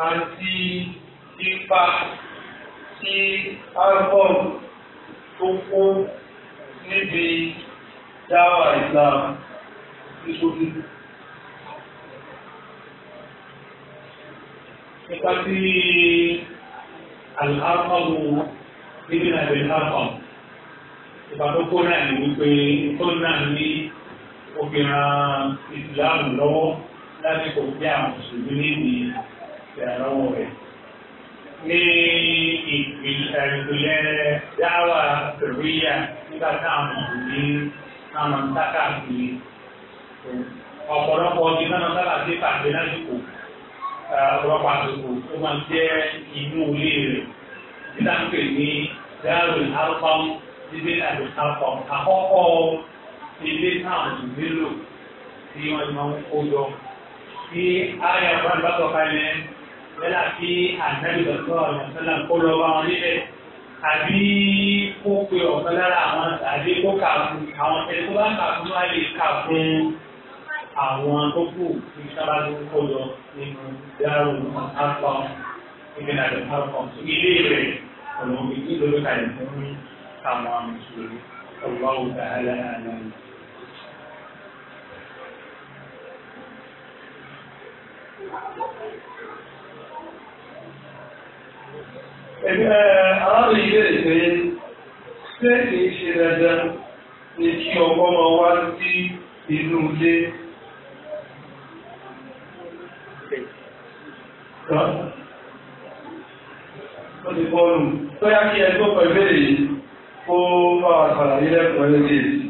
àti ipa tí album tó kó níbi dáwà Islam ní sókè. Nípa tí àlùfáàmù níbi náà ìbẹ̀rẹ̀ album ìbàdókò náà ni wípé tó náà ní obìnrin Islam lọ́wọ́ lásìkò bí àwọn mùsùlùmí ní ìyẹn ìrànlọ́wọ́ rẹ̀ ní ìpìlẹ̀ dáwà kìrìyà nígbà táwọn òbí táwọn ń dákà sí ọ̀pọ̀lọpọ̀ ọdún náà dábàá sí pàṣẹ lásìkò ọ̀pọ̀lọpọ̀ àsìkò tó máa jẹ́ inú ilé rẹ̀ nígbà ń pè ní darul alfam ilé àti alfam àkọ́kọ́ ilé táwọn òbí lò tí wọ́n máa ń kó jọ tí ayé àwọn àgbàtọ̀ kalẹ̀ bẹ́lá kí àgbẹ̀bí lọ́sọ̀ ọ̀sẹ̀lá kó lọ bá wọn níbẹ̀ àbí kó pe ọ̀kan lára àwọn àbí kó kà fún àwọn ẹni tó bá kà fún máa lè kà fún àwọn tó kù ní sábà tó kó lọ nínú dárò àpọ̀ ìgbìnà àpọ̀ ilé rẹ̀ ọ̀nà ìdí lórí kalẹ̀ fún àwọn mùsùlùmí ọ̀gbọ́n tààlà àná. Thank you. Ẹgbẹ́ arábìnrin bèèrè pé ṣé kìí ṣe dandan ni kí ọkọ máa wá sí inú ilé? Ó ti bọ́ọ̀lù. Tó yá kí ẹjọ́ pẹ̀lú èyí kó bá wa sàlàyé lẹ́kọ̀ọ́ lẹ́gbẹ̀ẹ́.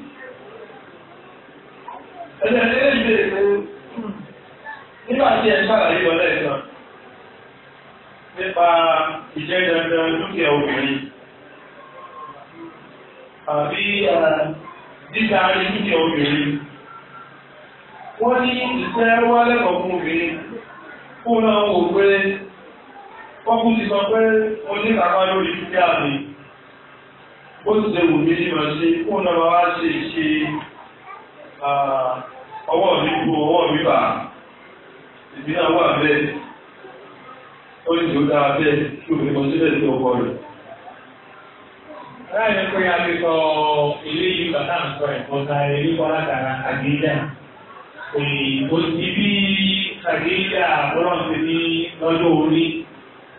jẹ́ dandan dúkìá obìnrin àbí dídá rí dúkìá obìnrin wọ́n ní ìṣẹ́ wá lẹ́kọ̀ọ́ fún obìnrin kó náà wò pé kọ́kú ti sọ pé ó ní kàkà lórí dúkìá mi ó sì ṣe wù mí ní màá ṣe kó náà wá ṣe ṣe ọwọ́ mi kú ọwọ́ mi bà ìbí náà wà bẹ́ẹ̀ ó lè dúró dára bẹ́ẹ̀ kí obìnrin kan síbẹ̀ sí ọkọ rẹ̀. Láì ní pé a ti sọ ilé yìí bàtà ń sọ ẹ̀kọ́ ta ilé kọ́lá kàrà àgbéjà. Òyìnbó ti bí àgbéjà bọ́lá ti ní lọ́jọ́ orí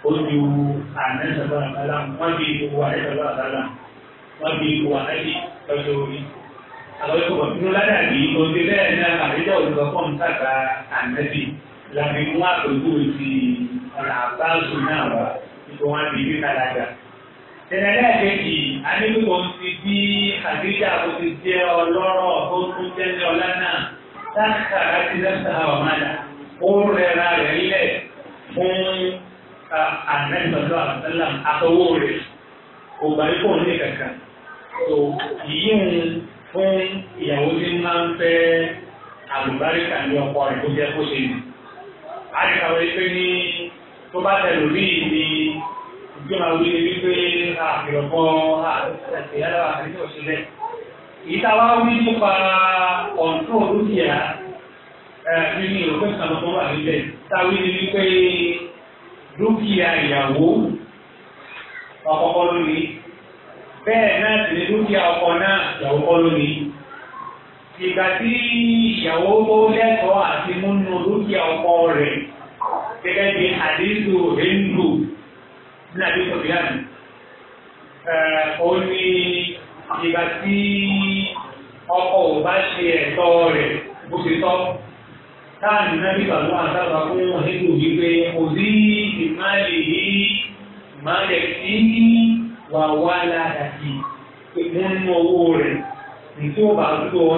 ó ju ànẹ́sọ̀tọ̀ àgbàlá wọ́n fi ipò ànẹ́sọ̀tọ̀ àgbàlá wọ́n fi ipò ànẹ́sì lọ́jọ́ orí. Àwọn ìkọ̀kọ̀ tí ó ládàbí òṣèlú ẹ̀ náà àgbéjà òṣèlú ọkọ̀ ń tàkà làbí mú àpèjú òsì àbáṣù náà wá nípa wọn bí ibi kàdájà. Ìrẹ̀lẹ̀ kejì, anígbò ti bí Khadija kò ti jẹ́ ọlọ́rọ̀ tó tún jẹ́lẹ̀ ọlá náà sáàkà láti lẹ́sà ọ̀mádà. Ó rẹra rẹ̀ lẹ̀ fún àdẹ́sọ̀tọ̀ àbẹ́là àtọwọ́ rẹ̀. Kò gbà yí fóun ní kankan. Tò yíyún fún ìyàwó tí máa ń fẹ́ àlùbáríkà ní ọkọ rẹ̀ tó jẹ́ kó ṣe nì. Àdìkàwé pé ní tó bá tẹ̀lé bí ibi ìjọ máa wí wípé àfihàn àti yàrá àti òṣèlè. Ìta wá wí nípa ọ̀tún olùkìyà nínú ìrọ̀pẹ́ ìsàlọ̀ tó wà nílẹ̀. Táwí ni wípé dúkìá ìyàwó ọkọ̀ọ̀kọ̀ lónìí. Bẹ́ẹ̀ náà sì ni dúkìá ọkọ náà ìyàwó kọ́ lónìí ìgbà tí ìyàwó tó lẹ́tọ̀ọ́ àti múnú dúkìá ọkọ rẹ̀ gẹ́gẹ́ bí àdínlù hindu ní àdínlù bíyàní ó ní ìgbà tí ọkọ ò bá ṣe ẹ̀tọ́ rẹ̀ bó ṣe tọ́ táàmì náà bí bàbá àtàbà fún hindu wípé kò sí ìmáàlì yìí ìmáàlì tí wà wá ládàkì nínú owó rẹ̀ tí ó bá tó ọ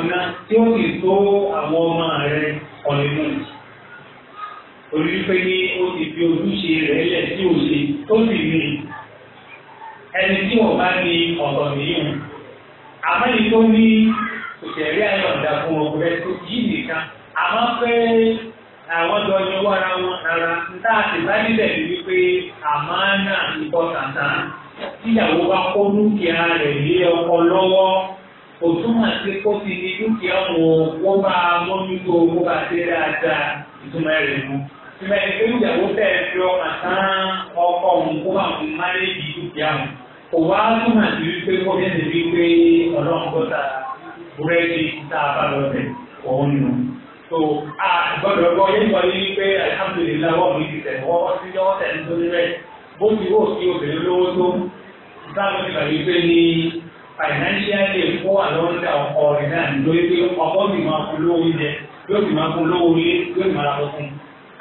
tí ó sì tó àwọn ọmọ rẹ̀ ọ̀nìmọ̀ọ́sì orílẹ̀ ní ó ti fi ojúṣe rẹ̀ lẹ̀ sí òṣè tó sì rí ẹni tí wọ́n bá ní ọ̀tọ̀ nìyẹn àmọ́ ní tó ní òṣèré àyọ̀dà fún ọkùnrin tó yí nìkan àmọ́ pé àwọn jọ ní owó ara wọn rárá níta àti ìbánilẹ̀ ni wípé àmọ́ náà ikọ̀ tàǹtà tíyàwó bá kó dúkìá rẹ̀ lé ọkọ lọ́wọ́ òtúmọ̀ sí kó ti ní dúkìá wọn wọ́n bá mọ́jú tó kó bá ṣe dáadáa ìtumọ̀ rẹ̀ mú ìgbà ìgbéyàwó tẹ̀ fi ọkàn tán ọkọ̀ òun kó máa fún máléèjì dúkìá wọn kò wá túmọ̀ sí wípé kó bí ẹni bíi pé ọlọ́run ta búrẹ́dì tá bá lọ bẹ̀ òun nù. tó a gbọ́dọ̀ gbọ́ yé wọlé wípé alihamudulilayi wọ́n mi ti tẹ̀ wọ́n sí ọwọ́ tẹ̀ nítorí rẹ̀ bó ti wò sí obìnrin lówó tó sáà ti bàbí pé ní financial aid kó wà ọkọ rẹ̀ náà lórí ọkọ mi máa fún lówó oúnjẹ yóò sì máa fún lówó ilé yóò sì máa ra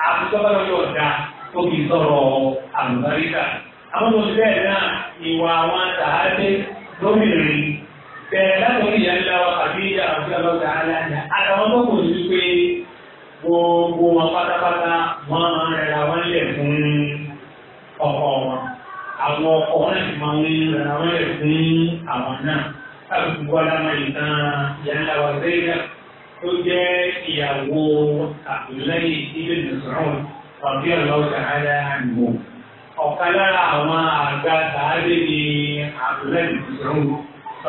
àwùjọ bá lọ́yọ̀ ọ̀dà tó kì í sọ̀rọ̀ àlùbáríkà. Àwọn tó ti bẹ́ẹ̀ náà ìwà àwọn àtàhádé lómìnirin bẹ̀rẹ̀ látọ̀rí ìyá ńlá wa àbí àwùjọ lọ́dà aláǹdà. Àtàwọn tó kò sí pé gbogbo wọn pátápátá wọn máa ń rẹra wọn lẹ̀ fún ọkọ wọn. Àwọn ọkọ wọn sì máa ń rẹra wọn lẹ̀ fún àwọn náà. Àbùkù wọn lámọ̀ ìtàn ìyá ńlá wa bẹ́ẹ̀ náà tó jẹ́ ìyàwó Abdullahi ibn Mas'ud ọ̀bí ọlọ́ọ̀dà ara àmọ́. ọ̀kan lára àwọn àgbà sàárè ni Abdullahi ibn Mas'ud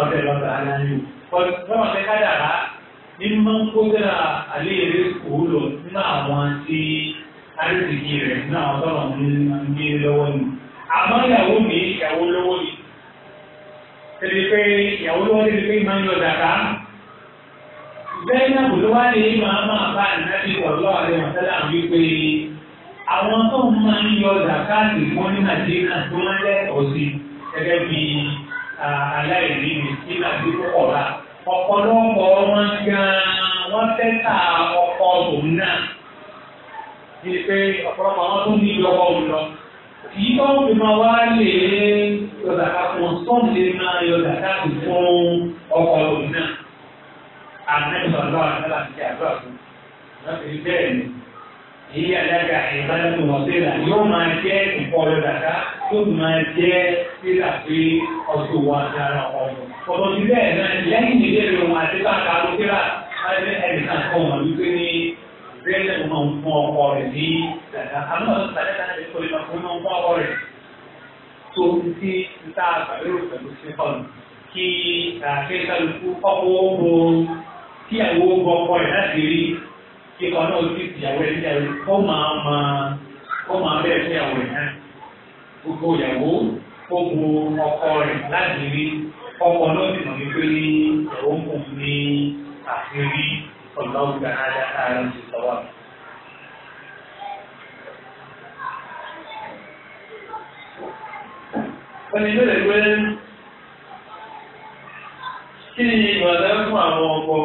ọ̀bí ọlọ́ọ̀dà ara àmọ́. ọ̀sán ọ̀sẹ̀ kádàrá ní máa ń kó dára àléèrè kòólò nínú àwọn tí àrísìkí rẹ̀ nínú àwọn tọ́lọ̀ ní gbé lọ́wọ́ ni. àmọ́ ìyàwó mi ìyàwó lọ́wọ́ ni. tẹ̀lé pé ìyàwó lọ́wọ́ bẹ́ẹ̀ni àbùdówá ni màá máa bá ìnáwó ìwọ̀lọ́ àrẹ ọ̀sẹ́lá wípé àwọn tó ń máa ń yọ zakati wọn ní nàìjíríà tó ń lẹ́kọ̀ọ́ sí gẹ́gẹ́ bí aláìní nígbà tí ó pọ̀ rà ọ̀pọ̀lọpọ̀ wọn gan-an wọ́n tẹ́ka ọkọ̀ òun náà ní pé ọ̀pọ̀lọpọ̀ àwọn tó ní ìlú òun lọ. Èyí tó ń fi máa wá lè yọ̀dàkà fún ọ̀sán lè máa yọ̀dàkà fún ọkọ̀ òun náà àmẹ́sọ̀ náà nígbà tí àgbà fún wọn fi bẹ́ẹ̀ ni èyí àdága ìbáraẹni wọn sílà yóò máa jẹ́ ìfọ̀rọ̀ dàda yóò máa jẹ́ sílà pé ọdún wa dára ọ̀rọ̀. ọ̀pọ̀ ti bẹ́ẹ̀ náà lẹ́yìn ìdílé wọn àti bàtà lókèrà láti ẹnìkan kan wọn wípé ní bẹ́ẹ̀ ló máa ń fún ọkọ rẹ̀ ní dàda àmọ́ ìpàdé náà lè kọ́ ìmọ̀ fún ọkọ ọkọ rẹ̀ tó ti ń ta àgbà yóò pẹ̀lú sí ọ̀nà kí àkékàlùkù kọ́kọ́ ó kí àwọn ogun ọkọ rẹ̀ láti rí kíkọ náà ó sì tìyàwó ẹ̀ níyàwó kó máa máa kó máa bẹ́ẹ̀ fún ìyàwó ẹ̀ náà gbogbo ìyàwó ogun ọkọ rẹ̀ láti rí ọkọ náà sì mọ̀ wípé ní ìyàwó ń kùn ní àṣírí ọlọ́run dáadáa ara ti sọ wà. Wọ́n ti bẹ̀rẹ̀ pé kí ni ìgbàlẹ́ fún àwọn ọkọ?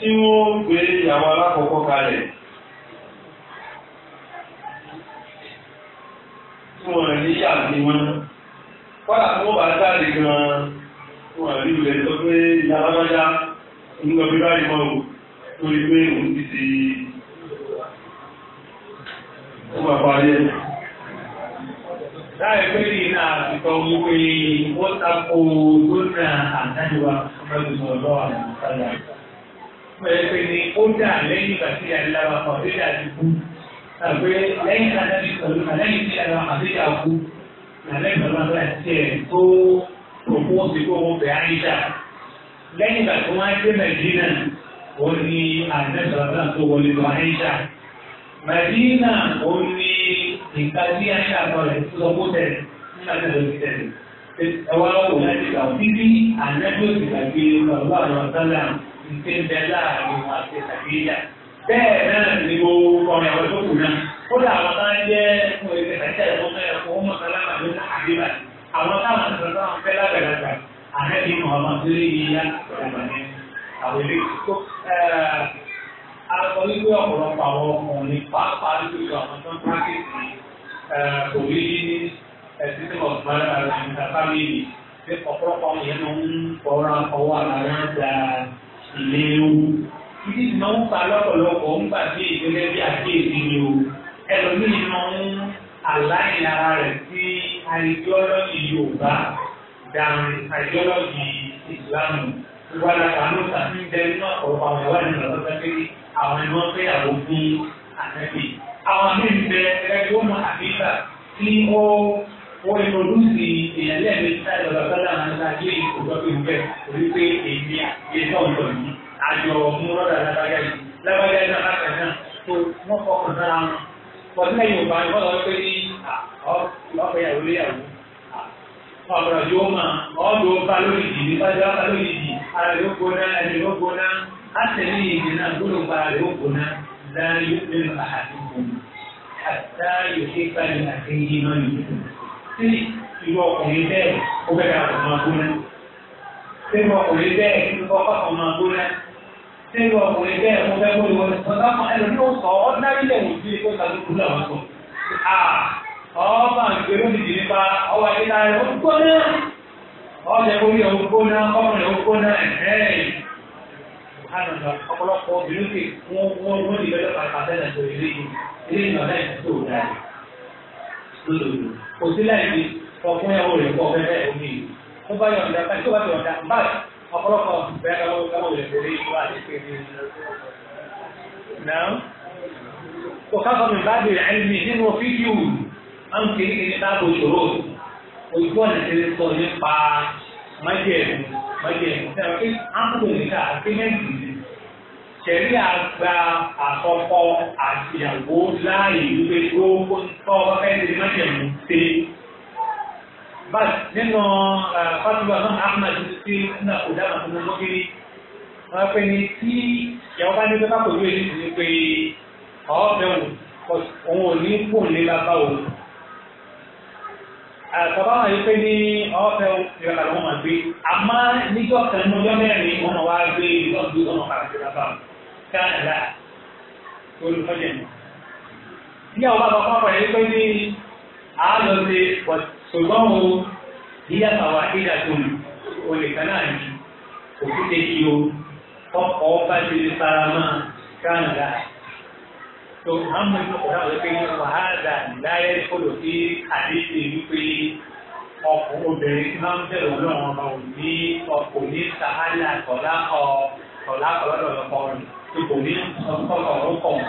tí wọ́n ń gbé ìyàwó alákọ̀ọ́kọ́ kalẹ̀ tí wọ́n ní yàgbé wọn kọ́lá tí wọ́n bá jáde gan-an tí wọ́n rí ilẹ̀ tó pé ìyàlágbájá ń bí báyìí mọ́ o pé òun ti ti ó parí ẹ̀. láì pé ní iná àtìkọ́ mú pé wọ́n tako gómìnà ọmọdé sọ̀rọ̀ lọ́wọ́ pẹ̀lẹ́pẹ̀ ni ó dà lẹ́yìn ìgbà tí aláwa kọ̀déjà ti kú àgbẹ̀ lẹ́yìn adájú pẹ̀lú àlẹ́yìn tí aláwa kọ̀déjà kú àlẹ́yìn pẹ̀lú àgbà tiẹ̀ tó òkú òsì kó wọn bẹ̀ àyíká lẹ́yìn ìgbà tí wọ́n á dé mẹ̀dínà wọ́n ní àlẹ́yìn pẹ̀lú àgbà tó wọlé lọ àyíká mẹ̀dínà ó ní ìka tí àyíká kọ̀rẹ̀ tó sọ kó tẹ̀ ẹ̀wọ́n wò láti kà ìpè ń bẹ láàrin wọn àti ìtàkìyà bẹ́ẹ̀ náà ni mo kọrin àwọn tó kù náà kódà àwọn tá ń jẹ́ fún ẹgbẹ́ ìtàkìyà ìwọ́n náà fún ọmọ sálámà ló ń àbíbà àwọn táwọn ìtàn táwọn fẹ́ lágbàlagbà àhẹ́bí mọ̀ọ́mọ́ tó rí yíyá ọ̀gbọ̀n ní àwọn ilé tó àwọn wípé ọ̀pọ̀lọpọ̀ àwọn ọkùnrin pàápàá lórí àwọn tó ń pàkíyèsí kò rí ẹ̀sìn ọ̀gbọ̀n àti ìtàkàmì ọ̀pọ̀lọpọ̀ àwọn yẹn ń fọ́ra ọwọ́ àlàyé dáadáa léwu títí tí máa ń fa lọ́pọ̀lọpọ̀ ń gbà bí ìgbélé bí àkéèdè ni o ẹlòmíì máa ń aláìn ara rẹ̀ sí àìdíọ́lọ́jì Yorùbá dàrin àìdíọ́lọ́jì Ìsìlámù wọ́n lára ló tàbí bẹ́ẹ̀ ní ọ̀pọ̀lọpọ̀ àwọn ìwádìí lọ́dọ́ pẹ́pẹ́ àwọn ẹni wọ́n fẹ́ àwọn fún àtẹ́bí àwọn mí-ín ẹgbẹ́ wọn àbíkà tí ó wọ́n ní ọdún sí èèyàn lẹ́ẹ̀mejì táyà lọ́dọ̀ sọ́dà máa ń ta kí èkó gbọ́ pé bẹ́ẹ̀ orí pé èmi àgbẹ̀ náà lọ yìí àjọ mú rọ́dà lábájá yìí lábájá náà bákan náà tó wọ́n fọkàn sára wọn. pọ̀sílẹ̀ yorùbá ni wọ́n lọ pé ní ọ̀pẹ̀ yàwó léyàwó ọ̀pọ̀lọ̀ yóò máa ọ̀dọ̀ bá lórí ìdì ní bá dáwọ́ lórí ìdì ara yóò gbóná tí ìwọ ọkùnrin bẹ́ẹ̀ ó bẹ́ẹ̀ bá ọmọ gbóná tí ìwọ ọkùnrin bẹ́ẹ̀ kí ìwọ ọmọ gbóná tí ìwọ ọkùnrin bẹ́ẹ̀ mo fẹ́ kó ìwọ ọ̀sán ẹlòmí sọ ọ́ lẹ́wọ̀n sí ikú ìtàlùkù làwọn sọ. ọba ìgbéró nìyí nípa ọwọ́ ẹ̀dá ó gbóná ọ̀lẹ̀ orí ẹ̀ gbóná ọ̀rẹ̀ ó gbóná ẹ̀ẹ́ ọ̀pọ̀lọpọ̀ obìnrin kì í wọ́n wọ́n wọ́n ìgbẹ́lẹ́ pàtàkì tó ilé yìí ilé ìgbà náà tó dáa lòdù kò sí láìpẹ́ ọkùnrin ẹ̀wọ̀ rẹ̀ kọ́ fẹ́fẹ́ omi yìí tó bá yọ̀ ọ̀dà tó bá yọ̀ ọ̀dà báyìí ọ̀pọ̀lọpọ̀ bẹ́ẹ̀ lọ́wọ́ lọ́wọ́ rẹ̀ lórí ìwà àdéhùn ẹ̀mí. náà kò káfọ́ mi bá bèrè ẹ̀mí nínú fídíò máa ń kiri kiri táàbù ìṣòro òyìnbó ọ̀nà ti sọ nípa májẹ̀mú májẹ̀mú tẹ̀lé àgbà àkọ́kọ́ àtìyàwó láàyè wípé tó tọ́ ọba fẹ́ẹ́ ti máa yẹ̀mú ṣe. Bàt nínú Fátíwá náà Ahmed ṣe ní àkójá àti ọmọ mọ́kiri. Wọ́n pè ní tí ìyàwó bá ní pé ká pẹ̀lú èyí ni pé ọ̀ọ́fẹ́ òun òun ò ní kò ní bàbá òun. Àtọ̀bá wọn yìí pé ní ọ̀ọ́fẹ́ ìrọ̀lẹ́ àwọn ọmọ gbé. Àmọ́ níjọ́ kan ní ọjọ́ mẹ́rin wọn wá gbé ìlú ọ̀gbìn ọmọ pàṣẹ bàbá káàdà láà olùfọ́jẹ̀ ni. Bí àwọn bàbá kan pẹ̀lú pé ní àálọ́ ṣe ṣùgbọ́n o yíyá bàbá ìdá tó lù olè kan náà ní òkúté kí o ọkọ̀ ọba ti lè fara máa káàdà láà. Tó àwọn ọmọ ìlú ọ̀dà wọlé pé wàhálà láyé kọlọ̀ sí àdéhùn wípé ọkọ̀ obìnrin tí máa ń bẹ̀rù ọlọ́run ọba òní ọkọ̀ ní sàhálà tọ̀lá ọ̀ tọ̀lá ọ̀lọ́dọ̀ lọ́kọ̀ rẹ̀ ipò ní ọ̀pọ̀lọpọ̀ ọ̀pọ̀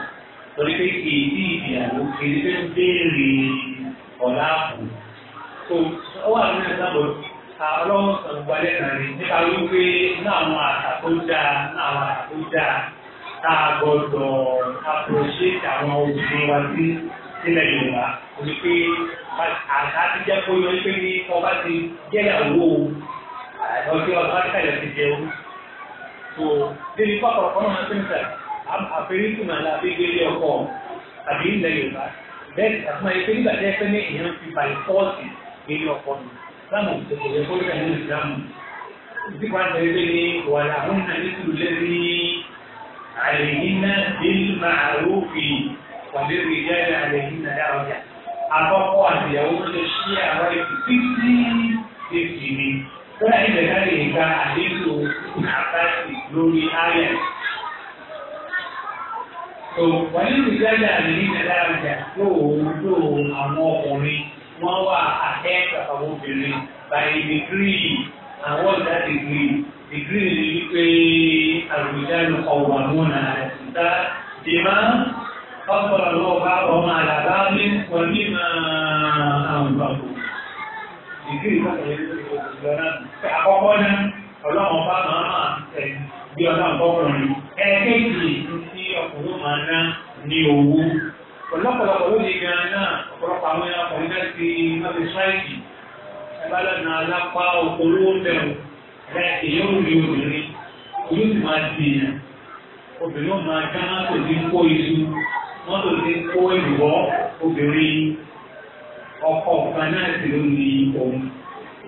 torí pé kì í sí ìyàwó kiri pé ń béèrè ọ̀la ààbò. tó ó wà nínú ìsàbọ̀ ọlọ́wọ́ sọ̀rọ̀ alẹ́ náà ni nípa wípé ní àwọn àṣà tó dáa ní àwọn àṣà tó dáa tá a gbọ́dọ̀ àpòṣéèkì àwọn òṣèré wa sí nílẹ̀ Yorùbá torí pé àṣà ti jẹ́ kó yọ pé ní ọba ti jẹ́yàwó ọjọ́ ọba tẹ̀lé ti jẹun tó débi pápá ọ̀pọ̀ náà ti ń sẹ̀ àfẹ́rẹ́sì máa la fi gbélé ọkọ̀ àbí ilẹ̀ yorùbá bẹ́ẹ̀ àtúmọ̀ ẹgbẹ́ nígbà tẹ́ pé ní èèyàn fi bàyí fọ́ọ̀sì gbélé ọkọ̀ nù láàmú ìṣòkò yẹ kó lóka nínú ìsìlámù títí wàá tẹ̀ ẹgbẹ́ ní wàhálà àwọn náà ní kúrò lẹ́rí àlèyínà bíl màrúfì wàlérí ìjáde àlèyínà dáhùn àkọ́kọ́ àtìyàwó ló ṣí àwọn ìfìsí Bẹ́ẹ̀ ni bẹ̀rẹ̀ lè gba àlékò àbáṣe lórí ayẹ̀. Tò wọ́n ní ìgbàlẹ̀ àmì nígbàlẹ̀ àjà lóòótọ́ àwọn ọkùnrin wọ́n wà akẹ́kọ̀ọ́ àwọn obìnrin by degree àwọn ọ̀dà degree degree ni wípé àlùjáde ọ̀wà múna àtìta ìmá ọ̀pọ̀lọpọ̀ lọ́wọ́ bá ọmọ àlàbá ní wọ́n ní máa àwọn ìgbàgbọ́. Degree kọ́kọ́ yẹn lọ́nà àkọ́kọ́ náà ọlọ́run bá máa máa tẹ̀ bí ọlọ́run bọ́kùnrin ẹ̀ẹ́dẹ́gbẹ̀ẹ́ tí ọkùnrin máa ná ní owó ọlọ́pọ̀lọpọ̀ ló lè gan náà ọ̀pọ̀lọpọ̀ àwọn ẹranko ní láti láti sáìkì ẹgbàlọ́nà alápá olówó bẹ̀rù ẹ̀yọ́ òde obìnrin yóò sì máa di èèyàn obìnrin yóò máa dá mọ́tò tí ń kó iṣu mọ́tò tí ń kó èlùbọ́ obìnrin ọkọ̀ kan náà sì ló ní ohun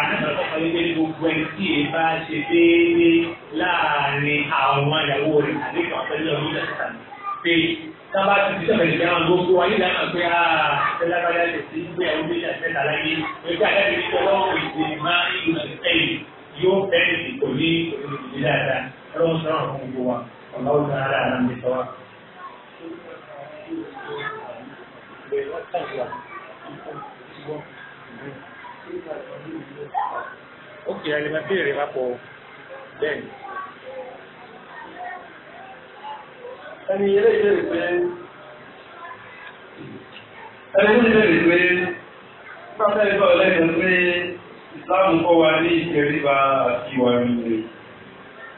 àdébàbọ̀ kan wípé gbogbo ẹni tí èyí bá ṣe déédé láàrin àwọn ìyàwó rẹ̀ àdébàbọ̀ kan pẹ̀lú ọdún mẹ́ta pé sábà ti ti sọ̀rọ̀ ìgbà wọn gbogbo wa nígbà náà pé a ṣẹlágbádá lè ti gbé àwọn méjì àtẹ́ta láyé wípé àdáyé ní tọ́wọ́ ìdè máa ń lu ẹ̀yìn yóò bẹ́ẹ̀ sì kò ní ìdílé dáadáa ọlọ́run sọ̀rọ̀ fún gbogbo wa ọlọ́run sọ̀rọ̀ dáadáa ń bẹ tọ́wọ́. Thank you ókè ẹ lè máa béèrè lápò bẹ́ẹ̀ ni. ẹni ilé ìbéèrè pé ẹni ilé ìbéèrè pé pátá ìbá ọlẹ́gbẹ̀ẹ́ pé ìsìláàmù kọ́ wa ní ìtẹríba àti ìwà rere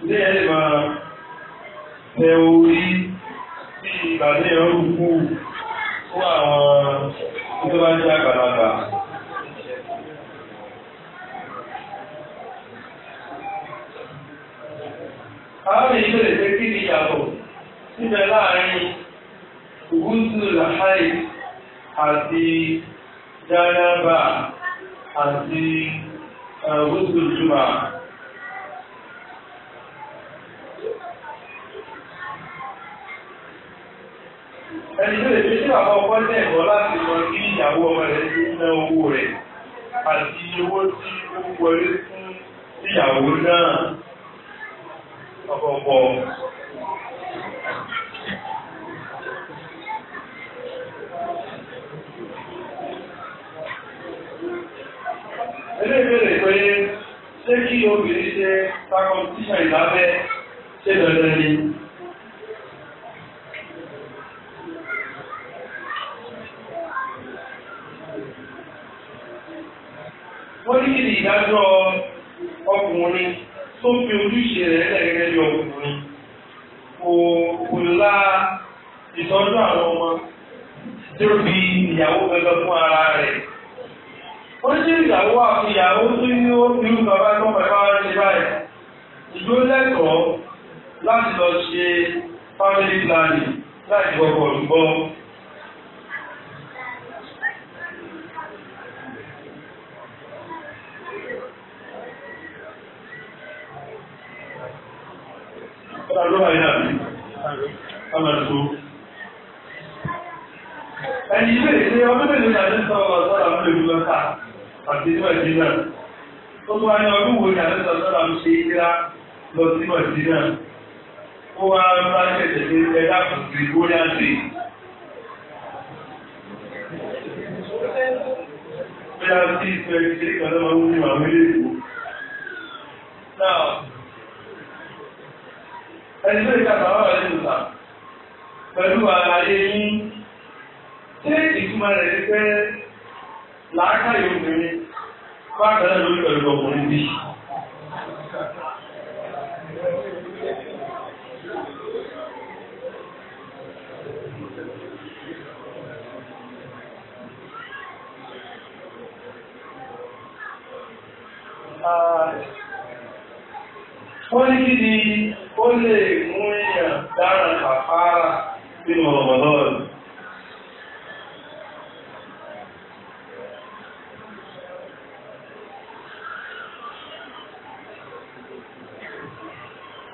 ilé ẹ̀ lè máa tẹ orí sí ìbàdí ẹ̀rọ kú fún àwọn tó bá àgbàlagbà. àwọn èyí lè fẹ́ kí ni ìyàtọ̀ níbẹ̀ láàrin gúúsù làhálì àti dáadáa àti gúúsù jùmà. ẹni tó lè fi sí àwọn ọkọ ní ẹ̀kọ́ láti mọ kí ìyàwó ọmọ rẹ̀ ti ná owó rẹ̀ àti owó tí ó wọlé fún ìyàwó náà ọ̀pọ̀pọ̀ ẹlẹ́gbẹ̀rẹ̀ pé ṣé kí obìnrin ṣe takọ̀tíṣà ìdábẹ́ ṣe bẹ̀rẹ̀ ni wọ́n ní kí ni ìdájọ́ ọkùnrin tó fi ojúṣe rẹ̀ lẹ́gẹ́gẹ́ bí ọkùnrin kò kò la ìtọ́jú àwọn ọmọ tí ó fi ìyàwó gẹ́gẹ́ fún ara rẹ̀. ó ní ìyàwó àti ìyàwó tó ní ó fi irú bàbá tó pẹ̀lú ara rẹ̀ báyìí. ìjó lẹ́tọ̀ọ́ láti lọ ṣe family planning láti gbọ́kọ̀ tó. ẹni ilé ìṣe ọdún mélòó ní àdé sọ̀rọ̀ sọ̀rọ̀ àwọn èlú lọ́ta àti nàìjíríà tó tó wáyé ọdún wo ní àdé sọ̀rọ̀ sọ̀rọ̀ ṣe ìlera lọ sí nàìjíríà ó wá bá ṣẹ̀ṣẹ̀ ṣe ẹ̀dá kò sí gbóyà sí i. bóyá sí ìfẹ́ ìṣe ìkàlẹ́ máa ń wú àwọn ilé ìwò. ẹni tó ìkàtà wà wà nínú ìlànà pẹ̀lú ààyè yín ṣé ìtumọ̀ rẹ̀ ni pé làákàyè obìnrin bá bẹ̀rẹ̀ lórí pẹ̀lú ọkùnrin bí. Wọ́n ní kí ni ó lè mú èèyàn dára àfárá sínú Ramadan.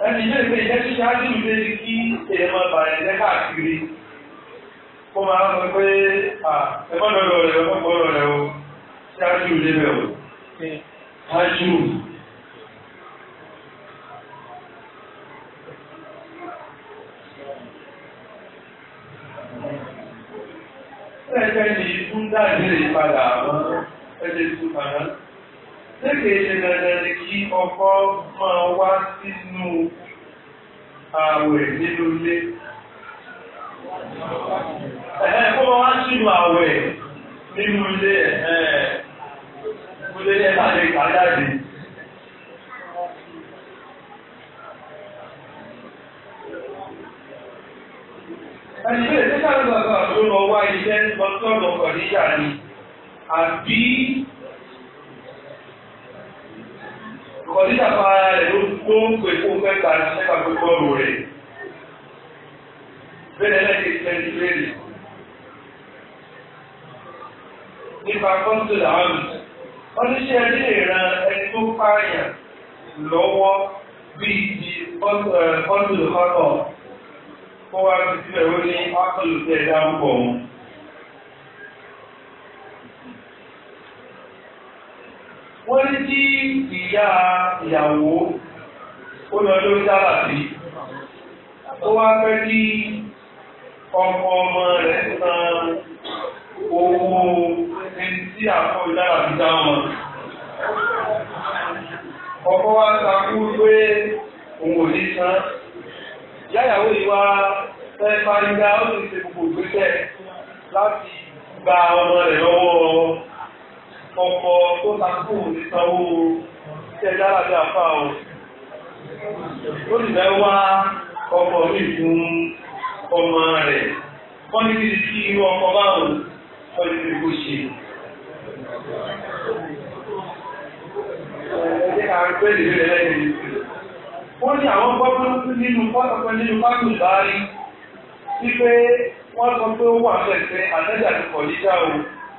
ẹni ilé ìgbé ìjẹ́ tí ṣáájú ìgbé kí èèmọ̀ bàrẹ̀ jẹ́ káàkiri kó máa ń sọ pé ẹgbọ́n lọ́rọ̀ rẹ̀ ọgbọ́n lọ́rọ̀ rẹ̀ o ṣáájú ìlébẹ̀ o ṣáájú ṣe dandan ni kí ọkọ máa wá sínú ààwẹ̀ nínú ilé. Ẹ̀hẹ́ kó wá sínú ààwẹ̀ nínú ilé ẹ̀hẹ́ ilé ẹ̀ta lè kà jáde. Ẹni bẹ́ẹ̀ tí káàkiri bàbá tó lọ wá iṣẹ́ lọ́tọ́ lọ́kọ̀ níyà àbí kọ̀díjà fara rẹ̀ ló tó ń pè fún mẹ́ta nípa gbogbo rẹ̀ bẹ́ẹ̀ lẹ́yìn twenty twenty nípa kọ́ńtìlá ọ̀hún oníṣẹ́ ilé ìran ẹni tó pààyàn lọ́wọ́ bíi ti kọ́ńtìlá kọ́ńtìlá kó wá sí ìbẹ̀rù ní ọ́kùnrin tẹ̀ dáhùn pọ̀ wọn. wọ́n ní kí ìyá ìyàwó ó lọ lórí sábà sí ó wá fẹ́ kí ọkọ ọmọ rẹ̀ san owó ẹni tí àkọ́ ìdára fi dá wọn. ọkọ wa takú pé òun ò ní san yáyàwó yìí wá fẹ́ parí dá ó sì ṣe gbogbo ìgbésẹ̀ láti gba ọmọ rẹ̀ lọ́wọ́ ọkọ̀ tó takú ní sanwó tẹ́jà lábẹ́ àfà o. Ó sì fẹ́ wá ọkọ̀ mi fún ọmọ rẹ̀. Wọ́n ní bíi kí irú ọkọ̀ báwọn wọ́n ní bíi kó ṣe. Ẹ̀jẹ̀ ká rí pẹ́ẹ́lì rẹ̀ lẹ́yìn. Wọ́n ní àwọn gbọ́dọ̀ nínú pátákó nínú pátákó báyìí wípé wọ́n sọ pé ó wà fẹ́ẹ̀fẹ́ àtẹ́jà ti kọ̀ yíká o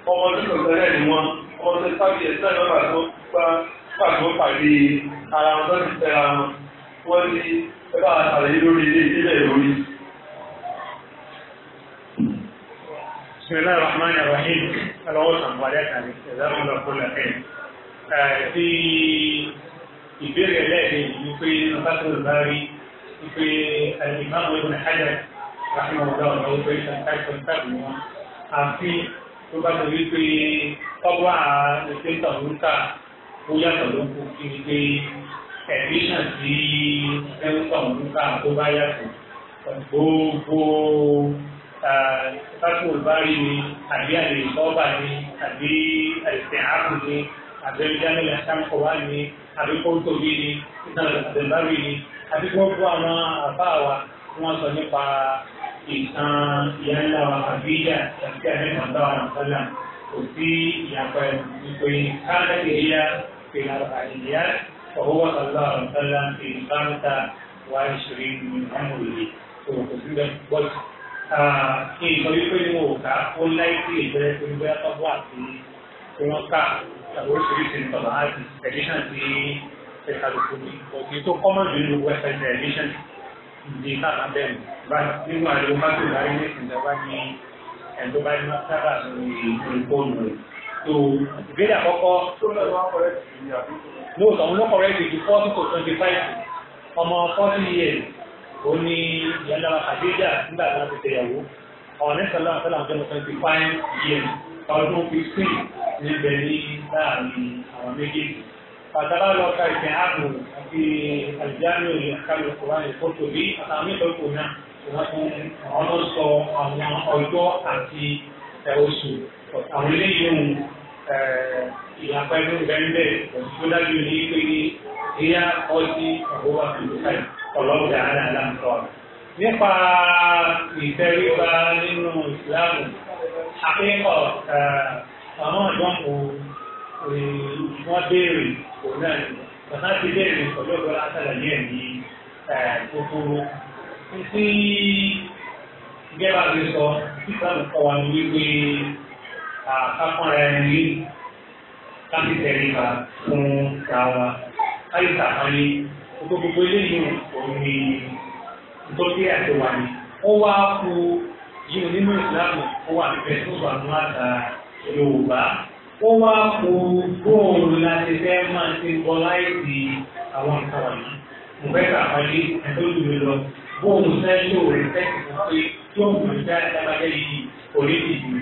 ọmọ ọdún kọ̀ọ̀kan náà ni wọ́n ọmọ tó sábì ẹ̀sìn náà lọ́gbà tó gbá pàdé ara wọn tó ti fẹ́ra wọn wọ́n ní ẹ bá àtàlẹ́ lórí ilé ìdílé ìròyìn. بسم الله الرحمن الرحيم الوطن ولكن جزاكم الله كل خير في ìbéèrè ẹlẹ́ẹ̀dẹ́ yìí pé bákàtúrò bá rí pé alimami ibùdó hajar rahimahullah ọ̀nà ó pé ṣàǹtàkùn tàbí wọn àfi tó bá torí pé kọ́bọ̀ àdìsẹ́tọ̀ lókà ó yàtọ̀ ló kú kí n gbé ẹ̀díṣàn sí ẹ̀rùtọ̀ lókà tó bá yàtọ̀ gbogbo ìfásitì olùbárí ni àbí àdìrí sọ́ọ̀bà ni àbí àdìsẹ́ ààbò ni àbí ẹ̀díṣàn sáńkọ̀ wá ni àbí kóńtò bí ni ìtàn àdìbárí ni àbí gbogbo àwọn àbá wa wọ́n sọ nípa ìtàn ìyá ńlá wa àbí ìyá àti àdìsẹ́ àdìsẹ́ àdìsẹ́ àdìsẹ́ kò sí ìyàpẹ́ ìpè káàkiriya fìlà àdìyà ọ̀húwà aláàrùn tálá ti báńtà wà ìṣòrí nínú ìlú tó kò sí bẹ́ẹ̀ bọ́ọ̀tù. kí n sọ wípé ní wò ká ó láì sí ìbẹ̀rẹ̀ tó ń bẹ́ tọ́gbọ́ àti tí wọ́n ká tàbí oríṣiríṣi ìtọ́lá àti edition ti ẹ̀ka lóko ní òkè tó kọ́mọ̀ jù nínú wẹ́fẹ̀ẹ́ edition ni ẹni tó bá ní sábà lórí fóònù rẹ̀ tó ìbéèrè àkọ́kọ́ no ọ̀hún ló kọ̀rẹ́ ìdèjì forty to twenty five ọmọ forty years ó ní ìyànlá àdéjà nígbà tí wọ́n ti tẹ̀yàwó ọ̀nà ìsọ̀lá àtàlà ọ̀jọ́ twenty five years ọdún fifteen níbẹ̀ ní láàrin àwọn méjèèjì pàtàkì lọ ka ìfẹ́ ààbò àti àjálù ìyàkálù kòrán ìfọ́tò bí àtàwọn mẹ́tọ́ ìkò náà àwọn ló sọ àwọn ọjọ́ àti oṣù àwọn eléyìí ohun ìyàpá ẹni bẹ́ẹ̀ òsì tó dájú ní pé ní ìyá ọtí ọ̀gbọ́n àti ọlọ́ọ̀dà àdàlà ń sọ. nípa ìtẹríba nínú ìsìláàmù akẹ́kọ̀ọ́ àwọn ọ̀dọ́n kò wọ́n béèrè òun náà bàtà ti béèrè ọjọ́ ìgbọ́lá àtàlàyé ẹ̀ ní kókóró títí ìjẹba ti sọ ìsàmù kọ wa ní wípé àkápọ́nra ẹni lé láti tẹ̀lé ba fún ra wa láyé sàkánlé gbogbo gbogbo eléyìí òun ni ìtọ́jú àti wà ní. ó wá kú yìí nínú ìsìlámù ó wà níbẹ̀ tó wà ní àgbà Yorùbá ó wá kú bóòlù láti fẹ́ máa ti kọ́ láì sí àwọn nǹkan wọ̀nyí. mo fẹ́ sàkánlé ẹ̀tọ́ ìlú lọ bóun náà yóò rẹ̀ sẹ́yìn fún pé tó ń gbé dá dábàjẹ́ yìí kò ní ti dùn.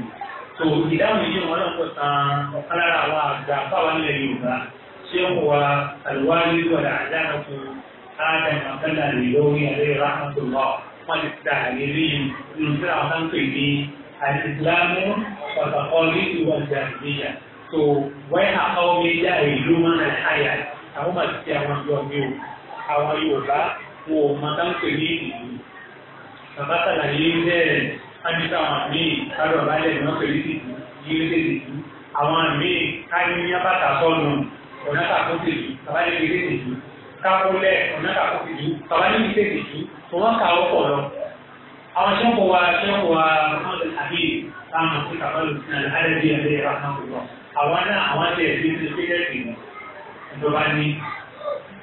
tó ìdáhùn yìí wọn náà kò tán ọ̀kan lára àwọn àgbà fáwọn ilẹ̀ Yorùbá ṣé ń wà àlùwárí wọ̀dà àdáná fún ádàmù àgbàlá rẹ̀ lórí àlẹ́ rahmatullah wọn ti ta àlèrè yìí nínú tí àwọn kan pè ní àtìsílámù pàtàkọ́rí ìwà ìjàmbíyà tó wẹ́n àkọ́wé jáde ìlú mọ́nà wọn ò máa dáńpé ní ìlú bàbá sàlàyé ń bẹ́ẹ̀ áníkà àwọn míì kárọ̀ balẹ̀ ní wọ́n pè ní ìlú ní ilé ìlú àwọn míì káyọ̀ ní abàtà sọ́nù ọ̀nà kàkókè ìlú bàbá ní ilé ìlú kákólẹ̀ ọ̀nà kàkókè ìlú bàbá ní ilé ìlú wọ́n kà ó pọ̀ lọ. àwọn tí wọ́n kọ wa tí wọ́n kọ wa mọ́tò àbí táwọn àti kàbálò sí náà alẹ́ bí ẹ̀rẹ́ ìrànlọ́wọ́ àwọn náà àwọn tẹ̀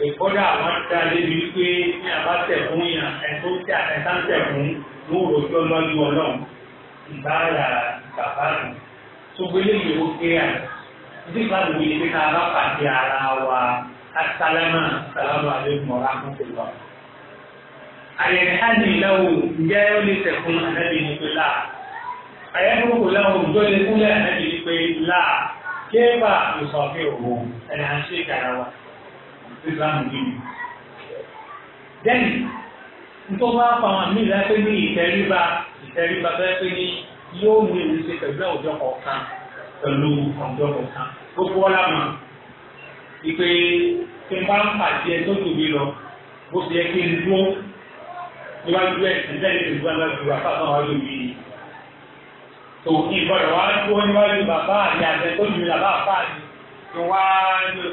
ìkọ́dà àwọn dá lébi wípé ní àbátẹ̀ fún yàn ẹ̀tọ́ tí àtẹ̀sáńtẹ̀ fún mú òròjọ́ lọ́jú ọlọ́run ìbára bàbá rẹ̀ tó pé ká bá pàdé ara wa asálámà sàlámà ti lọ. àyẹ̀dẹ̀ á ní ìlọ́wọ́ ǹjẹ́ ó lè tẹ̀kún ànábì ní pé láà àyẹ̀dẹ̀ kò láwọn ìsìlámù yìí. Dẹ́nì, nítorí wọ́n á fa àwọn àmì ìlà pé ní ìtẹríba ìtẹríba bẹ́ẹ̀ pé ní yóò mú ìlú ṣe pẹ̀lú àwùjọ kọ̀ọ̀kan pẹ̀lú àwùjọ kọ̀ọ̀kan. Gbogbo ọlá mà ìpè tí n bá ń pàdé ẹ tó tóbi lọ bó ti yẹ kí n dúró níwájú ẹ̀ nígbà yìí tó gbọ́dọ̀ ju àfáàfáà wájú mi ni. Tò ní ìgbọ́dọ̀ wá dúró níwájú bàbá àti àtẹ tó ju bàbá àfáà ni. Tó ní o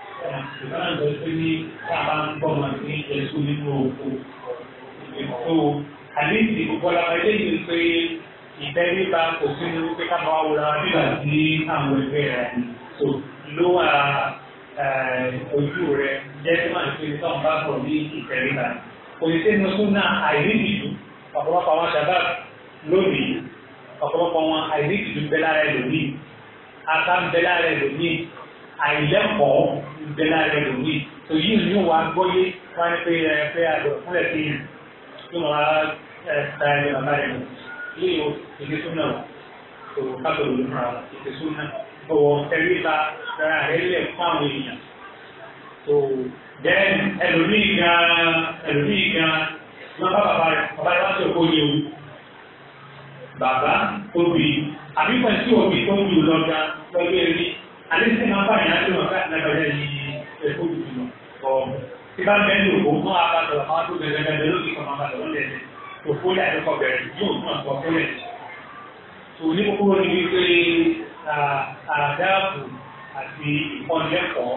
ìbára ń lọ sí ní bàbá ń gbọ́ wọn ní ẹ̀sù nínú òkú ètò àlejò ìbọ̀lá eléyìí pé ìtẹ́ríba kò sí ní wípé ká máa wúra nígbà tí àwọn ẹgbẹ́ rẹ̀ tó ló wà ojú rẹ̀ jẹ́ tí wọ́n ti tọ́ bá bọ̀ ní ìtẹ́ríba. kò sí sínú súnà àìrídìjú ọ̀pọ̀lọpọ̀ àwọn sábà lónìí ọ̀pọ̀lọpọ̀ wọn àìrídìjú bẹ́lára ẹlòmíì aká bẹ́lára ẹlòmíì àìlẹ́kọ̀ọ́ bẹ láàrin ẹlòmíì tó yìí ni wà á gbọ́yé wọ́n á ní pé ẹ fẹ́ àgbẹ̀ fúnlẹ̀ sí i tí wọ́n á ẹ ta ẹ bàbá rẹ̀ lè yọ èdè súnà tó kábọ̀ ló fún àwọn èdè súnà ọ̀wọ̀ ẹ̀rí ba ara rẹ̀ lẹ̀ fún àwọn èèyàn tó bẹ́ẹ̀ ẹlòmíì gan ẹlòmíì gan lọ́ba bàbá rẹ̀ bàbá rẹ̀ wá sí òkú yẹ̀wò bàbá obì àbí pẹ̀lú òbí tó ń lò lọ́jà lọ́jọ́ ẹ̀rí àti tí máa bá ìyá tó máa lágbàjá yìí ẹ̀kọ́ ìdùnnú ọ̀ tí bá bẹ́ẹ̀ lò ó mọ́ àbàtọ̀ àwọn tó bẹ̀rẹ̀ bẹ̀rẹ̀ lórí kan máa bàtọ̀ lọ́lẹ̀ ẹ̀ òfó lẹ́ àdókọ̀ bẹ̀rẹ̀ yóò mú àpò ọ̀fọ́lẹ̀ tó ní kókóró ni wípé àdáàbò àti ìkọ́nilẹ́kọ̀ọ́